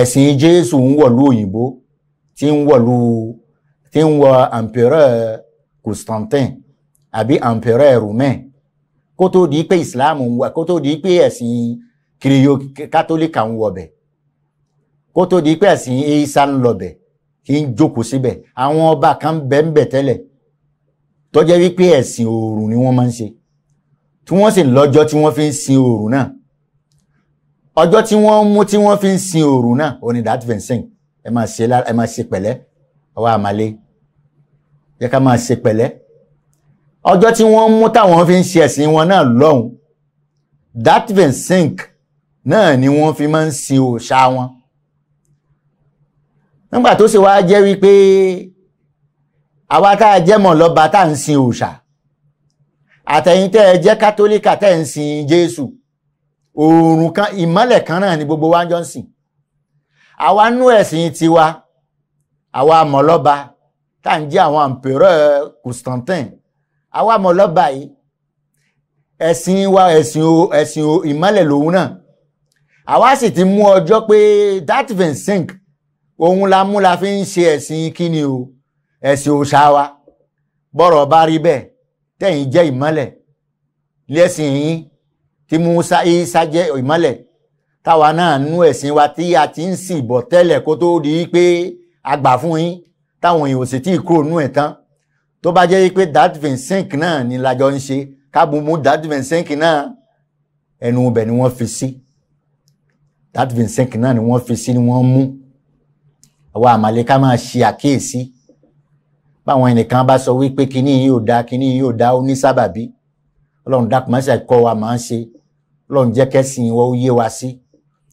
ẹ̀sìn jésù ń wọ̀lú òyìnbó tí ń wọ̀lú tí ń wọ empereur Constantin àbí empereur Romain kó tó di pé islam ń wọ kó tó di pé ẹ̀sìn kìrìyó kátólíkà ń wọbẹ̀ kó tó di pé ẹ̀sìn isa ń lọbẹ̀ kí ń jókòó síbẹ̀ àwọn ọba kan bẹ́ẹ̀ ń bẹ̀ tẹ́lẹ̀ tó jẹ́ wípé ẹ̀sìn oòrùn ni wọ́n máa ń ṣe tí wọ́n sì lọ́jọ́ tí wọ́n fi ń sin oòrùn náà ọjọ́ tí wọ́n mú tí wọ́n fi ń sin oòrùn náà òní that vincent ẹ máa ṣe ẹ máa ṣe pẹ̀lẹ́ ọwọ́ àmàlẹ́ yẹ ká máa ṣe pẹ̀lẹ́ ọjọ́ tí wọ́n mú táwọn fi ń ṣe ẹ̀sìn wọn náà lọ́hùn that vincent náà ni wọ́n fi máa ń sin òòṣà wọn nígbà tó ṣe wá jẹ́ wípé àwa tá a jẹ́ mọ̀ lọ́ba tá à ń sin òòṣà àtẹ̀yin tẹ́ ẹ jẹ́ kátólíkà tẹ́ ẹ ń sin jésù oòrùn kan ìmọ́lẹ̀ kan náà ni gbogbo wa jọ ń sìn àwa nú ẹ̀sìn tiwa àwa mọ̀lọ́ba tá ń jẹ́ àwọn empereur Constantine àwa mọ̀lọ́ba yìí ẹ̀sìn wa ẹ̀sìn o ẹ̀sìn o ìmọ́lẹ̀ lòun náà àwa sì ti mú ọjọ́ pé that vincent òun la mú la fi ń ṣe ẹ̀sìn kíni o ẹ̀sìn òòṣà wa bọ́rọ̀ bá rí bẹ́ẹ̀ tẹ́yìn jẹ́ ìmọ́lẹ̀ lẹ́sìn yín tí Musa Isa jẹ́ ìmọ́lẹ̀ táwa náà nú ẹ̀sìn wa tí a ti ń sìn bọ̀ tẹ́lẹ̀ kó tó di pé a gbà fún yín táwọn èèyàn sì tí ì kúrò nú ẹ̀ tán tó bá jẹ́ pé dat vincent náà ni lajọ ń ṣe kábùmú dat vincent náà ẹnu ibẹ̀ ni wọ́n fi sí dat vincent náà ni wọ́n fi sí ni wọ́n mú àwa àmàlẹ́ká máa ṣe àkíyèsí. Si báwọn ẹnìkan bá sọ wípé kíní yìí ò da kíní yìí ò da ó ní sábàbí ọlọ́run dákun mọ́sẹ̀ kọ́ wa máa ń ṣe ọlọ́run jẹ́ kẹ́sìn ìwọ ó yé wa sí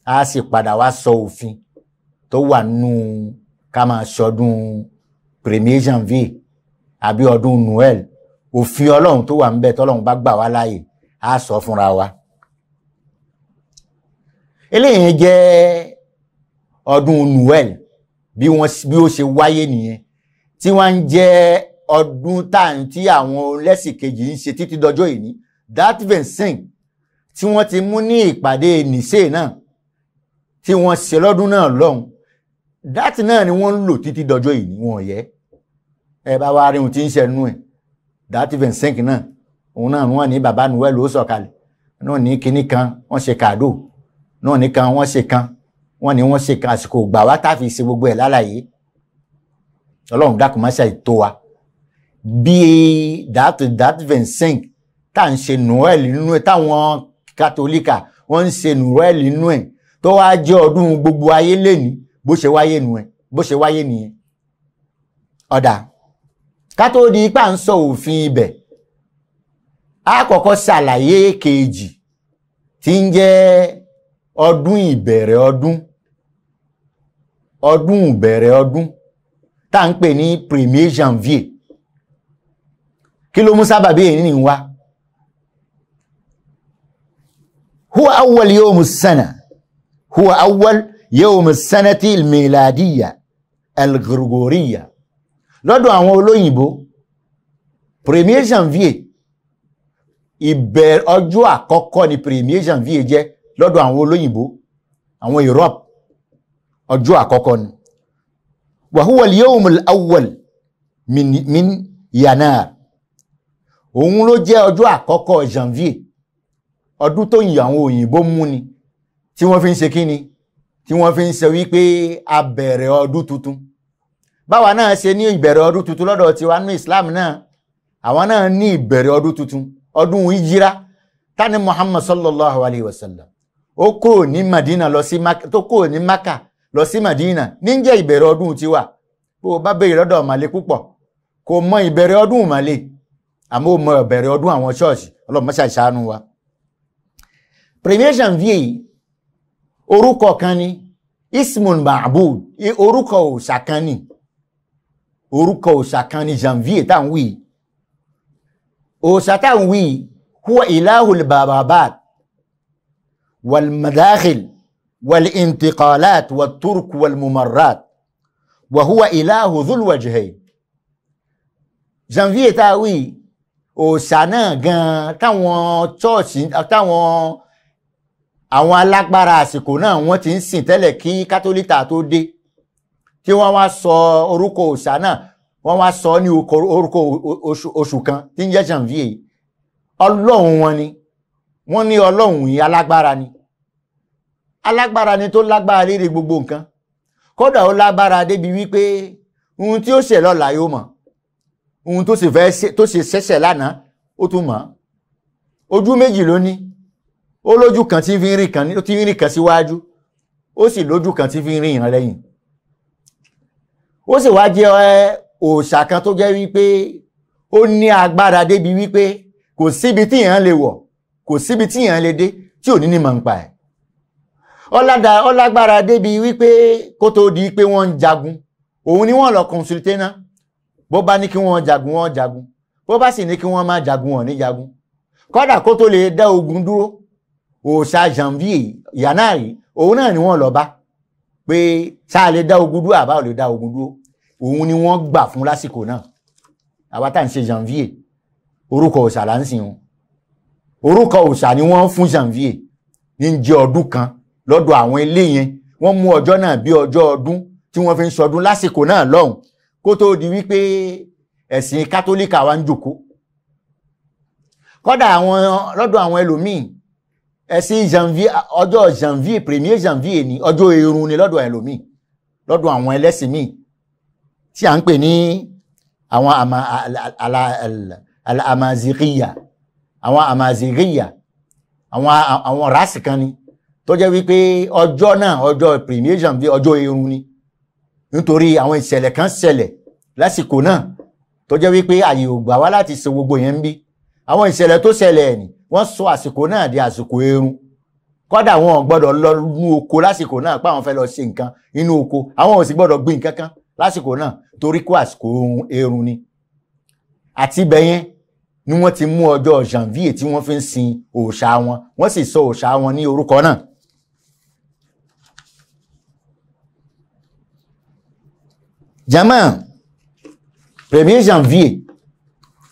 a sì padà wá sọ òfin tó wà nù ká máa ṣọdún premier janvier àbí ọdún noel òfin ọlọ́run tó wà ń bẹ tọ́lọ́run bá gbà wá láàyè á sọ fúnra wa eléyìí jẹ́ ọdún noel bí ó ṣe wáyé nìyẹn tí wọ́n ń jẹ́ ọdún táwọn tí àwọn lẹ́sìn kejì ń ṣe títí dọjọ́ ìní that vincent tí wọ́n ti mú ní ìpàdé nìṣe náà tí wọ́n ṣe lọ́dún náà lọ́hùn that náà ni wọ́n ń lò títí dọjọ́ ìní wọn yẹ ẹ bá wa rí ohun tí ń ṣe nú ẹ̀ that vincent náà òun náà wọ́n ní baba noel ó sọ̀kalẹ̀ náà ní kinní kan wọ́n ṣe kàdó náà ní kan wọ́n ṣe kan wọ́n ní wọ́n ṣe kan àsìkò gbà wá tá ṣe gbogbo ẹ̀ lálàyé ọlọ́run dákun má ṣàì tó wa bí that that vincent tá à ń ṣe noel nínú ẹ táwọn katolika wọ́n ń ṣe noel nínú ẹ tó wáá jẹ́ ọdún gbogbo ayé lẹ́ni bó ṣe wáyé nu ẹ bó ṣe wáyé nìyẹn ọ̀dà ká tó di ipá ń sọ òfin ibẹ̀ á kọ́kọ́ ṣàlàyé kejì tí ń jẹ́ ọdún ìbẹ̀rẹ̀ ọdún ọdún ìbẹ̀rẹ̀ ọdún tá à ń pè ní premier janvier kí ló mú sábàbí èyí ní wá huwa awwal yawm as-sana huwa awwal yawm as-sanati al-miladiyya al lọ́dọ̀ àwọn olóyìnbó premier janvier ìbẹ̀rẹ̀ ọjọ́ àkọ́kọ́ ni premier janvier jẹ́ lọ́dọ̀ àwọn olóyìnbó àwọn Europe ọjọ́ àkọ́kọ́ ni wa huwa al-yawmul awwal min, min yanar òun ló jẹ́ ọjọ́ àkọ́kọ́ janvier ọdún tó yìn àwọn òyìnbó mú ni tí wọ́n fi ń ṣe kíni tí wọ́n fi ń ṣe wípé a bẹ̀rẹ̀ ọdún tuntun báwa náà ṣe ní ìbẹ̀rẹ̀ ọdún tuntun lọ́dọ̀ tiwa nínú islam náà àwọn náà ní ìbẹ̀rẹ̀ ọdún tuntun ọdún ìjírá tani muhammad sallallahu alayhi wa sallam ó kúrò ní madina lọ sí tó kúrò ní maka lọ sí Madina níjẹ́ ìbẹ̀rẹ̀ ọdún tiwa bó o bá béèrè lọ́dọ̀ Màlé púpọ̀ kò mọ ìbẹ̀rẹ̀ ọdún Màlé àmọ́ ò mọ ìbẹ̀rẹ̀ ọdún àwọn ṣọ́ọ̀ṣì ọlọ́mọṣà ìṣàánú wa. Premier Janvier orúkọ kan ni Ismun Ma'bud orúkọ òòṣà kan ni orúkọ òòṣà kan ni Janvier tá à ń wí òòṣà tá à ń wí huwa ilahul bababat wal madakhil والانتقالات والترك والممرات وهو إله ذو الوجهين janvier تاوي، a wí òòṣà náà gan-an táwọn chọ́ọ̀ṣì táwọn àwọn alágbára àsìkò náà wọ́n ti ń sìn tẹ́lẹ̀ kí kátólítà tó dé tí wọ́n wá sọ orúkọ òòṣà náà wọ́n wá sọ ní orúkọ oṣù kan tí ń jẹ́ janvier ọlọ́run wọn ni wọ́n ní ọlọ́run yìí alágbára ni alágbára ni tó lágbára lérí gbogbo nǹkan kódà ó lágbára débi wípé ohun tí ó ṣe lọ́la yóò mọ̀ ohun tó sì fẹ́ tó ṣe ṣẹ̀ṣẹ̀ lánàá ó tún mọ̀ ojú méjì ló ní ó lójú kan tí fi ń rìn kan tí ń rìn kan síwájú ó sì lójú kan tí fi rìn ìran lẹ́yìn ó sì wá jẹ́ òòṣà kan tó jẹ́ wípé ó ní agbára débi wípé kò síbi tí èèyàn lè wọ̀ kò síbi tí èèyàn lè dé tí ò ní ní mọ̀ ń pa ẹ̀ ọlágbára débi wípé kó tó di pé wọ́n ń jagun òun ni wọ́n lọ consulte náà bó bá ní kí wọ́n jagun wọ́n jagun bó bá sì ní kí wọ́n má jagun wọ́n ní jagun kódà kó tó lè dá ogun dúró òòṣà janvier yanari òun náà ni wọ́n lọ bá pé sáà lè dá ogun dúró àbá ò lè dá ogun dúró òun ni wọ́n gbà fún lásìkò náà àwa tá à ń ṣe janvier orúkọ òòṣà là ń sìn wọn orúkọ òòṣà ni wọ́n fún janvier ní jẹ́ ọdún kan lọ́dọ̀ àwọn ilé yẹn wọ́n mú ọjọ́ náà bí ọjọ́ ọdún tí wọ́n fi ń sọdún lásìkò náà lọ́hùn kó tóó di wípé ẹ̀sìn kátólíkà wa ń jòkó kọ́dà àwọn lọ́dọ̀ àwọn ẹlòmíì ẹ̀sìn janvier ọjọ́ janvier premier janvier ni ọjọ́ erun ni lọ́dọ̀ ẹlòmíì lọ́dọ̀ àwọn ẹlẹ́sìn míì tí à ń pè ní àwọn àmàzìríyà àwọn àmàzìríyà àwọn rásì kan ni tó jẹ́ wípé ọjọ́ náà ọjọ́ premiation bí ọjọ́ irun ni nítorí àwọn ìṣẹ̀lẹ̀ kan ṣẹlẹ̀ lásìkò náà tó jẹ́ wípé àyè ò gbà wá láti ṣe gbogbo yẹn ń bí àwọn ìṣẹ̀lẹ̀ tó ṣẹlẹ̀ ni wọ́n sọ àsìkò náà di àsìkò irun kódà wọn ò gbọ́dọ̀ lọ inú oko lásìkò náà pé àwọn fẹ́ lọ ṣe nǹkan inú oko àwọn ò sì gbọ́dọ̀ gbìn nǹkan kan lásìkò náà torí kó àsìkò irun ni àti ibẹ̀ yẹn ni wọ́n ti mú ọjọ́ janvier tí wọ́n fi ń sin òòṣà wọn wọ́n sì sọ òòṣà wọn ní orúkọ náà 1er janvier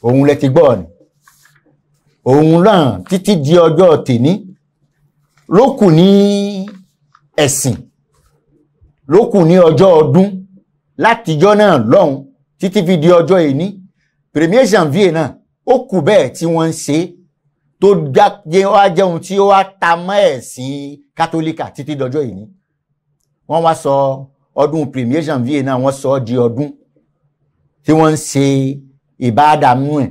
òun lẹ ti gbọ́ ni òun náà títí di ọjọ́ tèmi ló kù ní ẹ̀sìn ló kù ní ọjọ́ ọdún látijọ́ náà lọ́hùn títí fi di ọjọ́ èní premier janvier náà ó kù bẹ́ẹ̀ tí wọ́n ń ṣe tó dájẹ́ wá jẹun tí ó wá ta mọ́ ẹ̀sìn kátólíkà títí dọjọ́ èní wọ́n wá sọ. So, ọdún premier janvier náà wọ́n sọ ọ́ di ọdún tí wọ́n ń ṣe ìbáàdàmú ẹ̀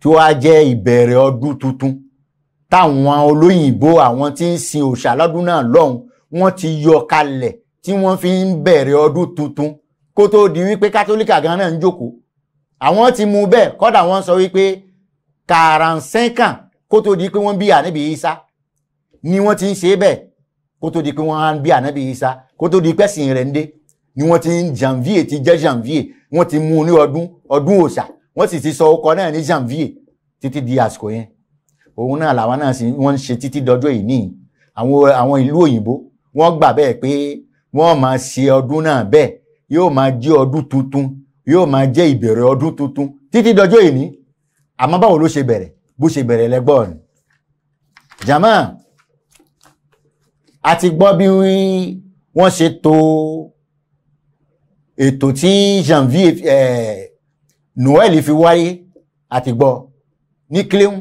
tí wọ́n á jẹ́ ìbẹ̀rẹ̀ ọdún tuntun táwọn olóyìnbó àwọn tí ń sin òòṣà lọ́dún náà lọ́hùn wọ́n ti yọ kalẹ̀ tí wọ́n fi ń bẹ̀rẹ̀ ọdún tuntun kó tó di wípé kátólíkà gan náà ń jókòó àwọn ti mú bẹ́ẹ̀ kọ́dà wọ́n sọ wípé kàràǹsẹ́kàn kó tó di pé wọ́n bí ànábì Ìsá ni wọ́n ti ń ṣe bẹ́ẹ̀ kó tó di pé wọ́n á bí ànábì Ìsá kó tó di pẹ́sìn rẹ̀ ń dé ni wọ́n ti ń janvier ti jẹ́ janvier wọ́n ti mú un ní ọdún ọdún òòṣà wọ́n sì ti sọ ọkọ náà ní janvier títí di àsìkò yẹn òun náà làwọn náà sì wọ́n ń ṣe títí dọjọ́ yìí níyì àwọn àwọn ìlú òyìnbó wọ́n gbà bẹ́ẹ̀ pé wọ́n máa ṣe ọdún náà bẹ́ẹ̀ yóò máa jẹ́ ọdún tuntun yóò máa jẹ́ ìbẹ̀rẹ̀ ọdún tuntun títí dọjọ́ yìí ní àmọ́ báwo ló ṣe bẹ̀rẹ̀ bó ṣe bẹ̀rẹ̀ lẹ́gbọ́n jama a ti gbọ́ bí wọ́n ṣe to ètò tí janvier noel fi wáyé a ti gbọ́ ní clean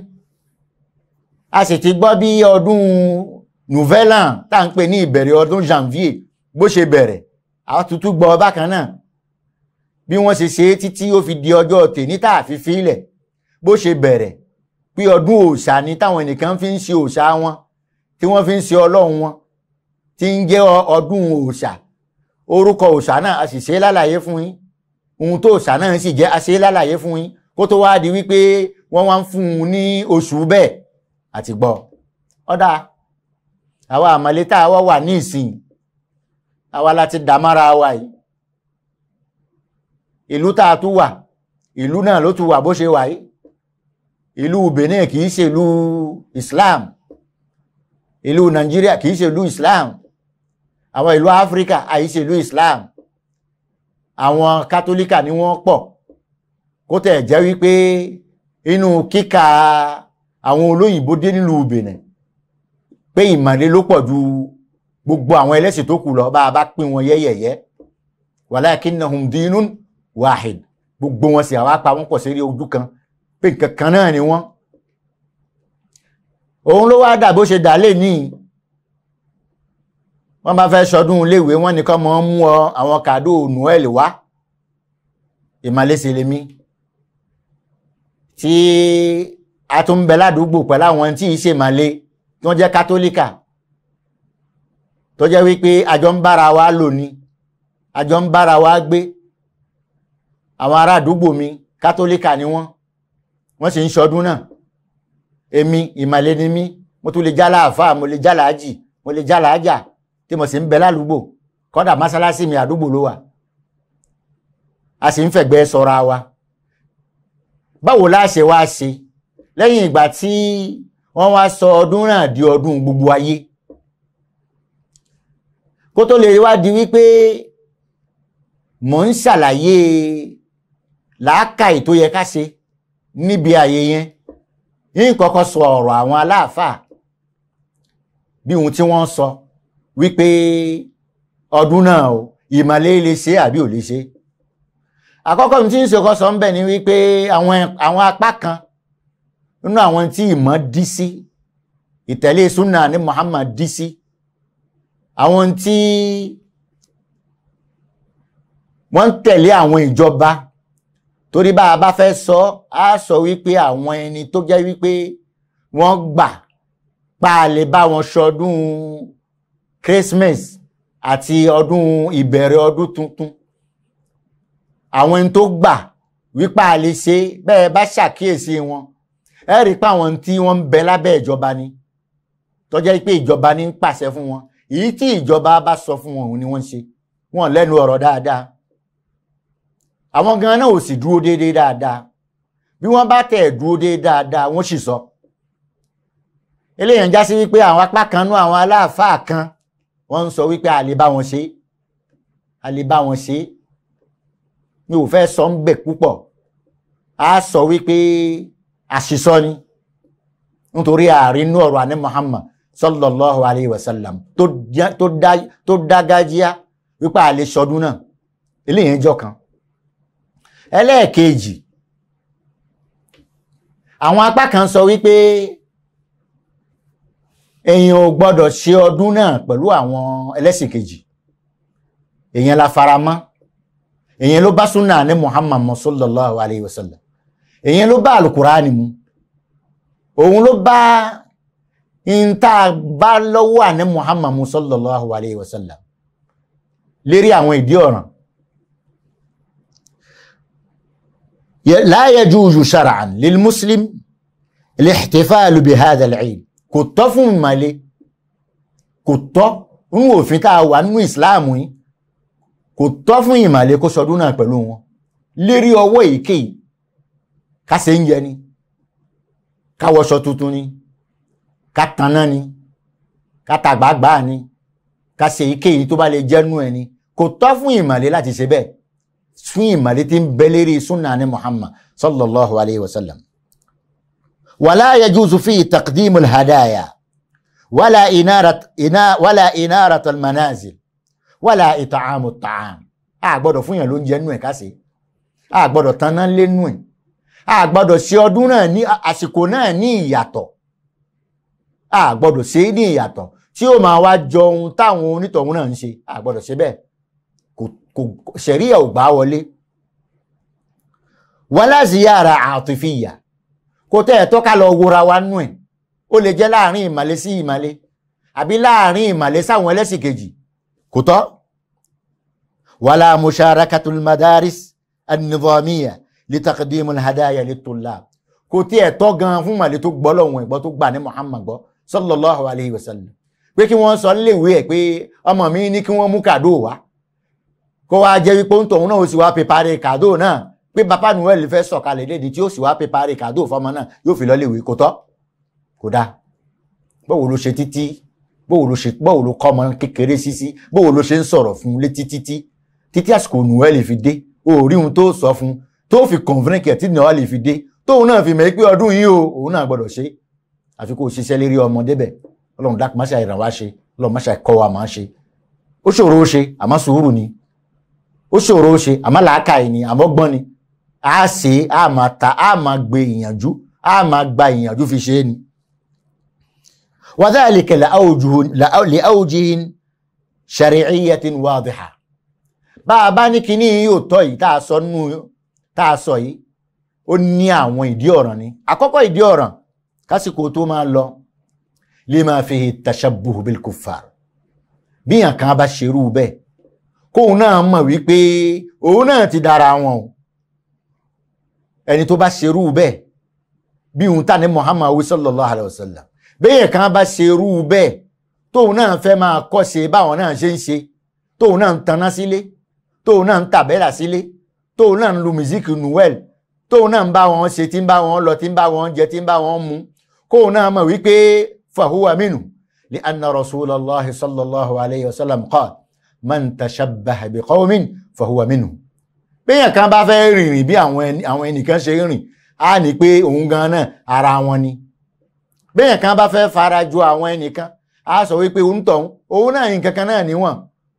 a sì ti gbọ́ bí ọdún nouvel an tá ń pè ní ìbẹ̀rẹ̀ ọdún janvier bó ṣe bẹ̀rẹ̀ a tuntun gbọ́ bákan náà bí wọ́n ṣe ṣe é títí ó fi di ọjọ́ tèní tá a fi filẹ̀ bó ṣe bẹ̀rẹ̀ pé ọdún òòṣà ni táwọn ẹnìkan fi ń ṣe òòṣà wọn tí wọ́n fi ń ṣe ọlọ́run wọn tí ń jẹ́ ọdún òòṣà orúkọ òòṣà náà a sì ṣe é lálàyé fún yín ohun tó òòṣà náà sì jẹ́ a ṣe é lálàyé fún yín kó tó wá di wípé wọ́n wá ń fún un ní oṣù bẹ́ẹ̀ àti gbọ́ ọ̀dà àwa àmọ́lé tá a wá wà ní ìsìn àwa láti dàmára wa yìí ìlú tá a tún wà ìlú náà ló tún wà bó ṣe wà yìí ìlú Benin kì í ṣe Islam ìlú Nàìjíríà kì í ṣe Islam àwọn ìlú áfíríkà àyíṣe ìlú islam àwọn kátólíkà ni wọ́n pọ̀ kó tẹ̀ jẹ́ wípé inú kíkà àwọn olóyìnbó dé nílùú benin pé ìmọ̀le ló pọ̀ ju gbogbo àwọn ẹlẹ́sìn tó kù lọ bá a bá pín wọn yẹ́yẹ̀yẹ́ walakinnahum dinun wahid gbogbo wọn sì àwa pa pọ̀ sí ojú kan pé nǹkan kan náà ni wọ́n òun ló wá dà bó ṣe dà lé níyì wọ́n bá fẹ́ ṣọdún iléèwé wọ́n nìkan mọ́ ń mú ọ àwọn kàdó noel wá ìmàlẹ́sẹ̀ lèmi tí a tún ń bẹ ládùúgbò pẹ̀lú àwọn tí ìṣe màlẹ́ tí wọ́n jẹ́ kátólíkà tó jẹ́ wípé àjọ ń bára wa lò àjọ ń bára wa gbé àwọn ará àdúgbò mi kátólíkà ni wọ́n wọ́n sì ń ṣọdún náà èmi ìmàlẹ́ ni mí mo tún lè jálá mo lè jálá mo lè jálá tí mo sì ń bẹ ládùúgbò kọ́dà mọ́sálásí mi àdúgbò ló wà a sì ń fẹ̀gbẹ́ sọra wa báwo la ṣe wá ṣe lẹ́yìn ìgbà tí wọ́n wá sọ ọdún náà di ọdún gbogbo ayé kó tó lè wá di wípé mò ń ṣàlàyé làákàì tó yẹ ká ṣe níbi ààyè yẹn yín kọ́kọ́ sọ ọ̀rọ̀ àwọn aláàfáà bí ohun tí wọ́n sọ. So wípé ọdún náà o ìmọ̀lẹ́ lè ṣe àbí ò lè ṣe àkọ́kọ́ tí ń ṣokọ́ sọ ń bẹ̀ ni wípé àwọn apá kan nínú àwọn tí ìmọ̀ dí sí ìtẹ̀lé súnà ní Muhammad dí sí àwọn tí wọ́n ń tẹ̀lé àwọn ìjọba torí bá a bá fẹ́ sọ á sọ wípé àwọn ẹni tó jẹ́ wípé wọ́n gbà pa lè bá wọn ṣọdún Christmas àti ọdún ìbẹ̀rẹ̀ ọdún tuntun àwọn ẹni tó gbà wípé a lè ṣe bẹ́ẹ̀ bá ṣàkíyèsí wọn ẹ rí i pé àwọn tí wọ́n ń bẹ lábẹ́ ìjọba ni tó jẹ́ pé ìjọba ni ń pàṣẹ fún wọn èyí tí ìjọba bá sọ fún wọn ni wọ́n ń ṣe wọn lẹ́nu ọ̀rọ̀ dáadáa àwọn gan náà ò sì dúró déédéé dáadáa bí wọ́n bá tẹ̀ dúró déédéé dáadáa wọ́n sì sọ eléyìí ń já sí wípé àwọn apá kan nú àwọn aláàfáà kan wọ́n ń sọ wípé a lè bá wọn ṣe a lè bá wọn ṣe mi ò fẹ́ sọ ń bẹ̀ púpọ̀ a sọ wípé àṣìṣọ ni nítorí àárínú ọ̀rọ̀ àní Muhammad sallallahu alayhi wa sallam tó dágájíá wípé a lè ṣọdún náà eléyìí jọ kan ẹlẹ́ẹ̀kejì àwọn apá kan sọ wípé èèyàn ò gbọ́dọ̀ ṣe ọdún náà pẹ̀lú àwọn ẹlẹ́sìn kejì èèyàn la fara mọ́ èèyàn ló bá súnà ní Muhammad sallallahu alayhi wa sallam èèyàn ló bá alukurani mu òun ló bá ìta bá lọ́wọ́ àní Muhammad sallallahu alayhi wa lérí àwọn ìdí ọ̀ràn la yajuzu shar'an lil muslim al-ihtifalu bi hadha kò tọ́ fún ìmọ̀le kò tọ́ nínú òfin tá a wà nínú ìsìláàmù yìí kò tọ́ fún ìmọ̀le kó sọdún náà pẹ̀lú wọn lérí ọwọ́ èyíkéyìí ká ṣe ń jẹ ni ká wọṣọ tuntun ni ká tanná ni ká tàgbàgbà ni ká ṣe èyíkéyìí tó bá lè jẹ́nu ẹ̀ ni kò tọ́ fún ìmọ̀le láti ṣe bẹ́ẹ̀ fún ìmọ̀le tí ń bẹ lérí sunnah ni Muhammad sallallahu alayhi wa sallam. ولا يجوز فيه تقديم الهدايا ولا إنارة إنا ولا إنارة المنازل ولا إطعام الطعام a gbọ́dọ̀ fún yàn ló ń jẹ nú ẹ káṣe a gbọ́dọ̀ tanná lé nú ẹ a gbọ́dọ̀ ṣe ọdún náà ní àsìkò náà ní ìyàtọ̀ a gbọ́dọ̀ ṣe ní ìyàtọ̀ tí ó máa wá jọ ohun táwọn onítọ̀hún náà ń ṣe a gbọ́dọ̀ ṣe bẹ́ẹ̀ kò ṣẹ̀ríyà ò gbà wọlé wala ziyara àtúfìyà kò tẹ́ ẹ̀ tọ́ka lọ wora wa nú ẹ̀ ó lè jẹ́ láàrin ìmàle sí ìmàle àbí láàrin ìmàle sáwọn ẹlẹ́sìn kejì kò tọ́ wàlá musharakatul madaris an-nizamiyya li taqdimul hadaya lit-tullab kò tí ẹ̀ tọ́ gan fún màlẹ́ tó gbọ́ lọ́wọ́n ìgbọ́ tó gbà ní Muhammad gbọ́ sallallahu alayhi wa sallam pé kí wọ́n sọ léwé ẹ̀ pé ọmọ mi ní kí wọ́n mú kàdó wá kó wá jẹ́ wípé ó sì wá pé bàbá noel fẹ́ sọ̀kalẹ̀ léde tí ó sì wá pépà rè kàdó fọmọ náà yóò fi lọ́lé ìwé kò tọ́ kò dáa báwo ló ṣe títí báwo ló ṣe báwo ló kọ́ ọmọ kékeré sísí báwo ló ṣe ń sọ̀rọ̀ fún létí títí títí àsìkò noel fi dé o ò rí ohun tó sọ fún tó fi kọ̀nfẹ́rẹ́kì tí noel fi dé tóun náà fi mọ̀ pé ọdún yìí o òun náà gbọ́dọ̀ ṣe àfi kó o ṣiṣẹ́ lérí ọmọdé bẹ̀ ọlọ́run dákun má ṣe àìràn wá ni ó ṣòro ó ṣe àmọ́ làákàyè ni àmọ́ gbọ́n ni a ṣe a máa ta a máa gbé ìyànjú a máa gba ìyànjú fi ṣe é ni. وذلك لأوجه شرعية واضحة bàbá ní kíní yóò tọ́ yìí tá a sọ nú tá a sọ yìí ó ní àwọn ìdí ọ̀ràn ni àkọ́kọ́ ìdí ọ̀ràn kásìkò tó máa lọ lima fihi tashabbuh bil kuffar bí yàn kan bá ṣerú bẹ́ẹ̀ kóun náà mọ̀ wípé òun náà ti dára wọn o ẹni tó bá ṣerú bẹ́ẹ̀ bí òun tà ní Muhammad awi sallallahu alayhi wa sallam bẹ́ẹ̀ kan bá ṣerú bẹ́ẹ̀ tóun náà fẹ́ máa kọ́ ṣe báwọn náà ṣe ń ṣe tóun náà ń taná sílé tóun náà ń tàbẹ́rà sílé tóun náà ń lu mùsíkì noel tóun náà ń bá wọn ṣe tí ń bá wọn lọ tí ń bá wọn jẹ tí ń bá wọn mu kóun náà mọ̀ wípé fahuwa minu li anna rasulallah sallallahu alayhi wa sallam qaal man tashabbaha bi qawmin fahuwa minu. béèyàn kan bá fẹ́ rìnrìn bí àwọn ẹnìkan ṣe rìn á ní pé òun gan náà ara wọn ni béèyàn kan bá fẹ́ fara ju àwọn ẹnìkan á sọ wípé òun tọ̀hún òun náà nǹkan kan náà níwọ̀n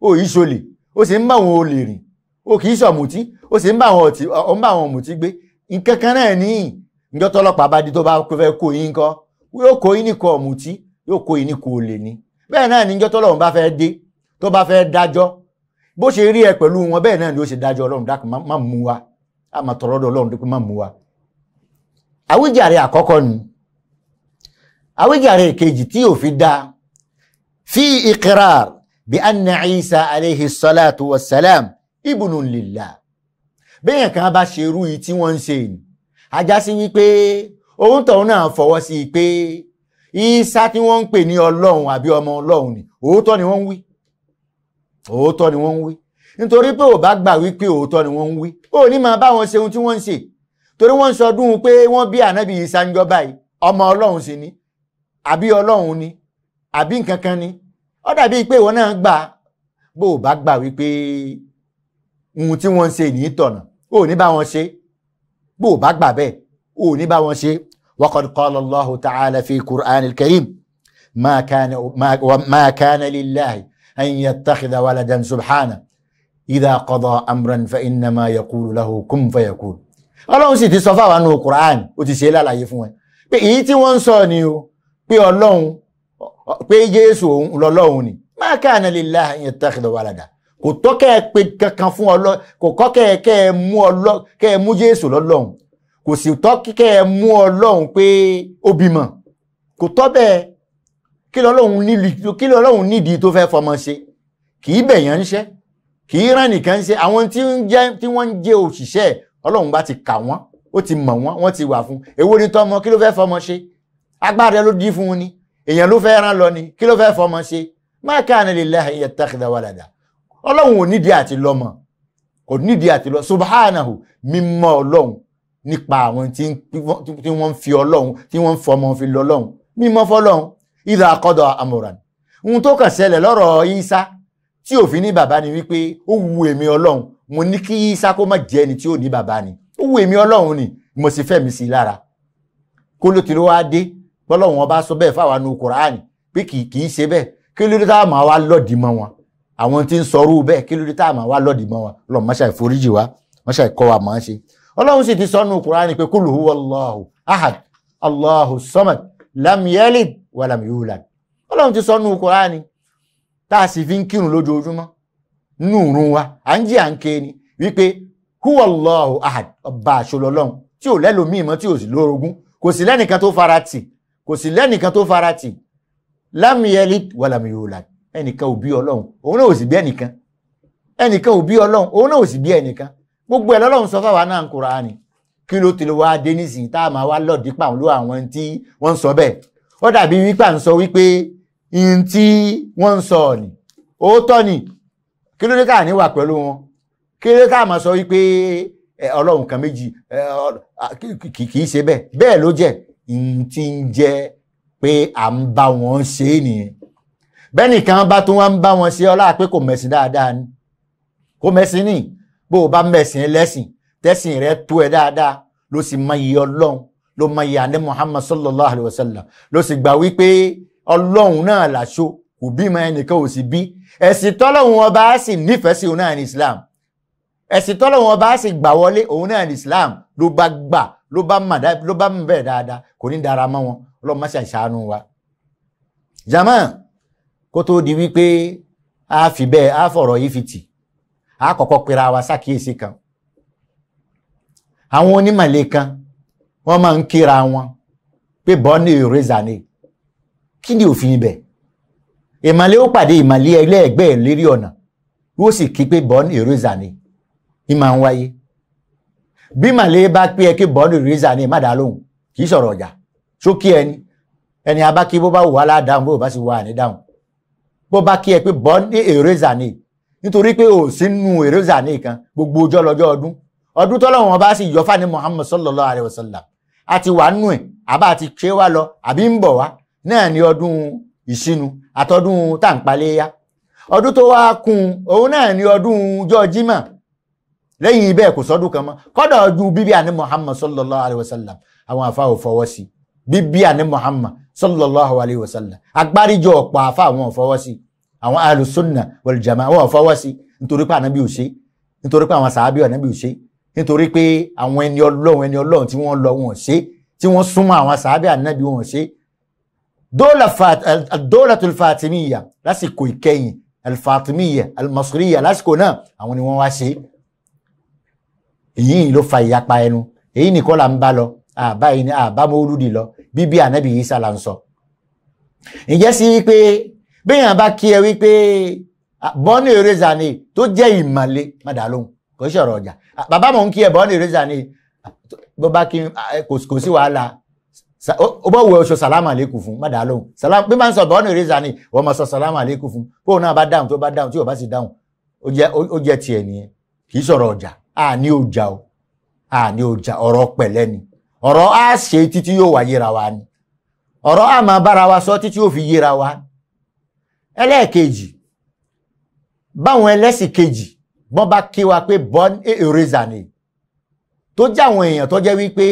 ó yí ṣolè ó sì ń bá olè rìn ó kì í ṣọ̀mùtí ó sì ń bá àwọn ọ̀mùtí gbé nǹkan kan náà bá di tó bá fẹ́ kọ́ yín ní ni bẹ́ẹ̀ bó ṣe rí ẹ pẹ̀lú wọn bẹ́ẹ̀ náà ni ó ṣe dájọ́ ọlọ́run dákun má mú wa a máa tọrọ ọ̀dọ̀ ọlọ́run dákun má mú wa. àwíjàre àkọ́kọ́ ni àwíjàre kejì tí ò fi dá fi iqrar bi anna Isa alayhi salatu wa salam ibnun lillah bẹ́ẹ̀ kan bá ṣe irú yìí tí wọ́n ń ṣe ni ajá sí wípé òun tọ̀hún náà fọwọ́ sí i pé Isa tí wọ́n ń pè ní ọlọ́run àbí ọmọ ọlọ́run ni òótọ́ ni wọ́n ń wí òótọ́ ni wọ́n ń wí nítorí pé ò bá gbà wípé òótọ́ ni wọ́n ń wí ó ní máa bá wọn ṣe ohun tí wọ́n ń ṣe torí wọ́n ń sọdún pé wọ́n bí ànábì Ìsá ń jọ báyìí ọmọ ọlọ́run sì ni àbí ọlọ́run ni àbí nǹkan kan ni ó dàbí pé ìwọ náà gbà bó o bá gbà wípé ohun tí wọ́n ń ṣe ní tọ̀nà ó ní bá wọn ṣe bó bá gbà bẹ́ẹ̀ ó ní bá wọn ṣe waqad qala Allahu ta'ala fi Qur'anil أن يتخذ ولدا سبحانه إذا قضى أمرا فإنما يقول له كن فيكون ọlọ́run sì ti sọ fáwọn nù Qur'an ó ti ṣe lálàyé fún ẹ pé èyí tí wọ́n ń sọ ni o pé ọlọ́run pé Jésù òun lọ́lọ́run ni ma kana lillahi an yattakhidha walada kò tọ́ kẹ́ ẹ pé kankan fún ọlọ́ kò kọ́ kẹ́ ẹ kẹ́ ẹ mú ọlọ́ lọ́lọ́run kò sì tọ́ kẹ́ ẹ mú ọlọ́run pé ó bímọ kò tọ́ bẹ́ẹ̀ kí lọ́lọ́hun nílùú kí lọ́lọ́hun nídìí tó fẹ́ fọmọ ṣe kì í bẹ̀yàn ń ṣẹ́ kì í rán nìkan ṣe àwọn tí wọ́n ń jẹ́ òṣìṣẹ́ ọlọ́run bá ti kà wọ́n ó ti mọ̀ wọ́n wọ́n ti wà fún èwo ni tọmọ kí ló fẹ́ fọmọ ṣe agbára rẹ ló dí fún un ni èèyàn ló fẹ́ rán lọ ni kí ló fẹ́ fọmọ ṣe ma kana lillahi yattakhidha walada ọlọ́run ò nídìí àti lọ́mọ kò nídìí àti lọ subhanahu mímọ́ ọlọ́run nípa àwọn tí wọ́n fi ọlọ́run tí wọ́n fọmọ fi lọ́lọ́run mímọ́ fọlọ́run ìdá àkọ́dọ̀ amòràn ohun tó kàn ṣẹlẹ̀ lọ́rọ̀ Ìsá tí òfin ní bàbá ni wípé ó wu èmi ọlọ́run mo ní kí Ìsá kó má jẹ́ ẹni tí ó ní bàbá ni ó wu èmi ọlọ́run ni mo sì fẹ́mi sí i lára kó ló ti ló wáá dé gbọ́lọ́run ọba sọ bẹ́ẹ̀ fáwọn nu Kùránì pé kì í ṣe bẹ́ẹ̀ kí ló dé tá a máa wá lọ́ọ̀dì mọ́ wọn àwọn tí ń sọrú bẹ́ẹ̀ kí ló dé tá a máa wá lọ́ọ̀dì mọ́ wọn lọ́ọ̀ máṣá ìforíjì wa máṣá ìkọ́ wa máa ń ṣe ọlọ́run sì ti sọ Kùránì pé kúlù hu Allahu ahad Allahu samad lam wàlám yúlad ọlọ́run ti sọ nù kúránì tá a sì fi ń kírun lójoojúmọ́ nù rún wa à ń jí à ń ké ni wípé huwallahu ahad ọba àṣọlọ́lọ́run tí ò lẹ́lòmíì mọ́ tí ò sì lórogún kò sí lẹ́nìkan tó fara tì kò sí lẹ́nìkan tó fara tì lam yalid wàlám yúlad ẹnìkan ò bí ọlọ́run òun náà ò sì bí ẹnìkan ẹnìkan ò bí ọlọ́run òun náà ò sì bí ẹnìkan gbogbo ẹ̀ lọ́lọ́run sọ fáwa náà ń kúránì kí ló ti lè wá dé nísìnyí tá a máa wá lọ́ọ̀dí pàwọn ló àwọn tí wọ́n ń sọ bẹ́ẹ̀ ó dàbí wípé à ń sọ wípé ihun tí wọ́n ń sọ ni òótọ́ ni kí ló dé ká níwà pẹ̀lú wọn kí ló dé ká máa sọ wípé ọlọ́run kan méjì kì í ṣe bẹ́ẹ̀ bẹ́ẹ̀ ló jẹ́ ihun tí ń jẹ́ pé à ń bá wọn ṣe é nìyẹn bẹ́ẹ̀ nìkan bá tún wá ń bá wọn ṣe ọlá pé kò mẹ̀sìn dáadáa ni kò mẹ̀sìn ni bó o bá mẹ̀sìn ẹlẹ́sìn tẹ́sìn rẹ tó ẹ dáadáa ló sì mọ iye ọlọ́run ló mọ iye àdé Muhammad sallallahu alayhi wa sallam ló sì gbà wípé ọlọ́run náà làṣọ kò bímọ ẹnìkan ò sì bí ẹ̀sìn tọ́lọ́run ọba á sì nífẹ̀ẹ́ sí òun náà ní Islam ẹ̀sìn tọ́lọ́run ọba á sì gbà wọlé òun náà ní Islam ló bá gbà ló bá mà ló bá mú bẹ́ẹ̀ dáadáa kò ní dára mọ́ wọn ọlọ́run má ṣe àṣàánú wa. jama kó tó di wípé a fi bẹ́ẹ̀ a fọ̀rọ̀ yìí fi tì a kọ́kọ́ pera wa sákìyèsí kan àwọn onímọ̀lẹ́ wọ́n máa ń kíra wọn pé bọ́ọ̀nì ìrẹ́zàní kí ni òfin ibẹ̀ ìmàlẹ́ ó pàdé ìmàlẹ́ ẹlẹ́ẹ̀gbẹ́ lérí ọ̀nà yóò sì kí pé bọ́ọ̀nì ìrẹ́zàní ni máa ń wáyé bí màlẹ́ bá pé ẹ kí bọ́ọ̀nì ìrẹ́zàní má dá lóhùn kì í sọ̀rọ̀ ọjà ṣókí ẹni ẹni abá kí bó bá wà ládàáhùn bó bá sì wà ní dáhùn bó bá kí ẹ pé bọ́ọ̀nì ìrẹ́zàní nítorí pé ò sínú ìrẹ́zàní kan gbogbo ọjọ́ lọ́jọ́ ọdún ọdún tọ́lọ́wọ́n bá sì yọ fáni Muhammad sallallahu alayhi wa sallam a ti wà nù ẹ̀ àbá ti ṣe wá lọ àbí ń bọ̀ wá náà ni ọdún ìsinu àtọdún tàǹpaléyá ọdún tó wá kún òun náà ni ọdún jọjímà lẹ́yìn ibẹ̀ kò sọ́dún kan mọ́ kọ́dọ̀ ọdún bíbí àní Muhammad sallallahu alayhi wa sallam àwọn àfa ò fọwọ́ sí bíbí àní Muhammad sallallahu alayhi wa sallam agbáríjọ ọ̀pọ̀ àfa àwọn ò fọwọ́ sí àwọn alùsùnà wal jamaa àwọn ò fọwọ́ sí nítorí pé ànábì ò ṣe nítorí pé àwọn sàábì ànábì ò ṣe nítorí pé àwọn ẹni ọlọ́run ẹni ọlọ́run tí wọ́n lọ wọn ṣe tí wọ́n súnmọ́ àwọn sàábẹ́ ànábì wọn ṣe dóòlàtul fatimiyya lásìkò ìkẹyìn alfatimiyya almasriya lásìkò náà àwọn ni wọ́n wá ṣe èyí ló fa ìyapa ẹnu èyí nìkan là ń bá lọ àbá yìí ni àbá mọ́lúdì lọ bíbí ànábì Ìsá là ń sọ ìjẹ́ sí wípé béèyàn bá kí ẹ wípé bọ́ọ̀nù eré zani tó jẹ́ ìmàle má dà lóhùn kò ṣọ̀rọ̀ ọjà ah, bàbá mò ń kí ẹ bọ́ ní ìrẹ́sà ni bó bá kí ah, kò sí wàhálà ó bọ́ wọ oṣù sàlámà lẹ́kùn fún má dàá ń sọ bọ́ ní ìrẹ́sà ni wọ́n ma sọ sàlámà lẹ́kùn fún bóun náà bá dáhùn tó bá dáhùn tí ò bá sì dáhùn ó jẹ́ tiẹ̀ nìyẹn kì í ọjà a ní ọjà o a ní ọjà ọ̀rọ̀ pẹ̀lẹ́ ni ọ̀rọ̀ á bọ́n bá kí wa pé born a eraser ni tó jẹ́ àwọn èèyàn tó jẹ́ wípé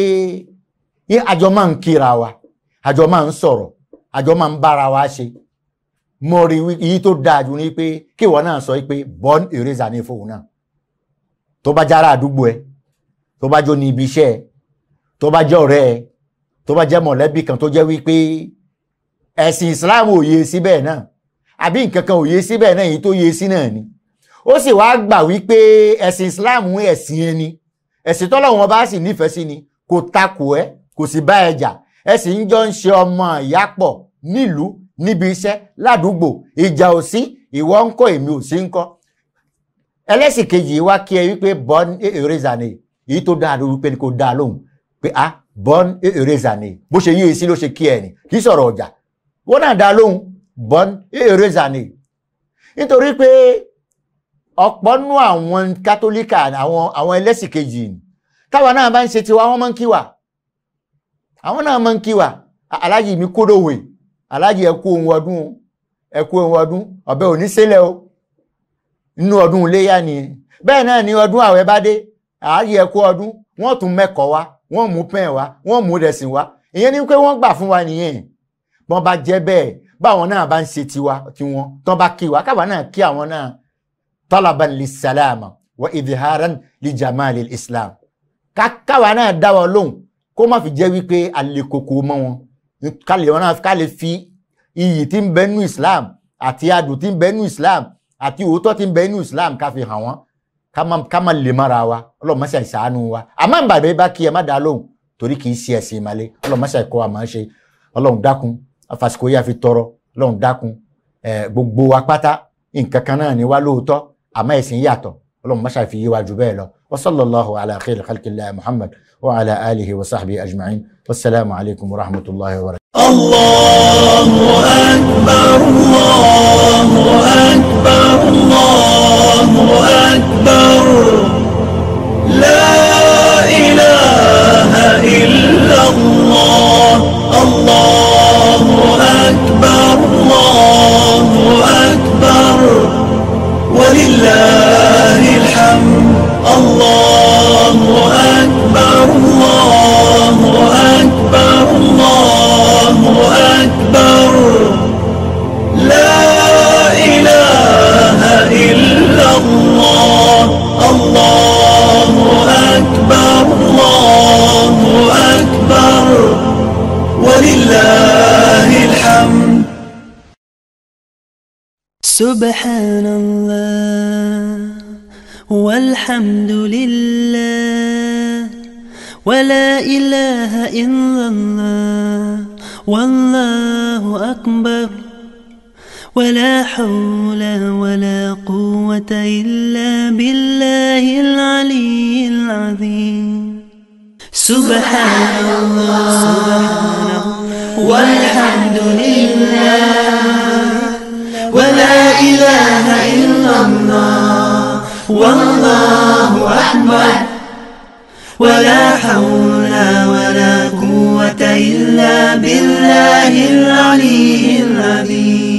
ní àjọ máa ń kíra wa àjọ máa ń sọ̀rọ̀ àjọ máa ń bára wa ṣe mo rí èyí tó dáa jù ni pé kíwọ náà sọ pé born a eraser ni fóun náà tó bá jára àdúgbò ẹ tó bá jó ní ibi iṣẹ́ ẹ tó bá jẹ́ ọ̀rẹ́ ẹ tó bá jẹ́ mọ̀lẹ́bí kan tó jẹ́ wípé ẹ̀sìn Islam ò yé síbẹ̀ náà àbí nǹkan ò yé síbẹ̀ náà èyí tó yé sí náà ni ó sì wá gbà wípé ẹ̀sìn Islam ẹ̀sìn ẹni ẹ̀sìn tọ́lọ́wọ́n bá sì nífẹ̀ẹ́ sí ni kò takò ẹ́ kò sì bá ẹ jà ẹ̀sìn ń jọ ń ṣe ọmọ ìyá pọ̀ nílùú níbi iṣẹ́ ládùúgbò ìjà ò sí ìwọ ń kọ́ èmi ò sí ń kọ́ ẹlẹ́sìn kejì wá kí ẹ wípé born eraser ni èyí tó dáa ló wípé kò dáa lóhùn pé ah born eraser bó ṣe yíyẹ sí ló ṣe kí ẹ ni kì sọ̀rọ̀ ọjà wọ́n náà dáa lóhùn born eraser nítorí pé ọ̀pọ̀ nú àwọn kátólíkà àwọn àwọn ẹlẹ́sìn kejì táwa náà bá ń ṣe tiwa wọ́n máa ń kí wa àwọn náà máa ń kí wa aláàjì mi kódòwè aláàjì ẹ kú ohun ọdún ẹ kú ohun ọdún ọ̀bẹ òní sílẹ̀ o inú ọdún iléyà nìyẹn bẹ́ẹ̀ náà ni ọdún àwẹ̀ bá dé aláàjì ẹ kú ọdún wọ́n tún mẹ́kọ̀ọ́ wa wọ́n mú pẹ́ẹ̀n wa wọ́n mú rẹ̀sìn wa ìyẹn ni pé wọ́n gbà fún wa nìyẹn bọ́n bá jẹ́ bẹ́ẹ̀ báwọn náà bá ń ṣe tiwa tiwọn tán bá kí káwa náà kí àwọn náà talaban lissalama wa idharan li jamali islam káwa náà dá wọn lóhùn kó má fi jẹ́ wípé alekoko mọ́ wọn kálí wọn náà kálí fi iyì tí ń bẹ nú islam àti adùn tí ń bẹ nú islam àti òótọ́ tí ń bẹ nú islam ká fi hàn wọ́n ká má lè mọ́ra wa ọlọ́run má ṣe àìsàánú wa àmọ́ ìbàdàn bá kí ẹ má dá lóhùn torí kì í ṣe ẹ̀sìn ìmàlẹ́ ọlọ́run má ṣe àìkọ́ àmọ́ ṣe ọlọ́run dákun afàsìkò yá fi tọrọ ọlọ́run dákun gbogbo apáta nǹkan kan náà ni wá lóòótọ́ اما يسين ياتو ولو مشى في يواجبيلو وصلى الله على خير خلق الله محمد وعلى اله وصحبه اجمعين والسلام عليكم ورحمه الله وبركاته الله اكبر الله اكبر الله اكبر لا اله الا الله ولله الحمد الله أكبر الله أكبر الله أكبر لا إله إلا الله الله أكبر الله أكبر ولله سبحان الله والحمد لله ولا إله إلا الله والله أكبر ولا حول ولا قوة إلا بالله العلي العظيم سبحان الله والحمد لله ولا إله إلا الله والله أحمد ولا حول ولا قوة إلا بالله العلي العظيم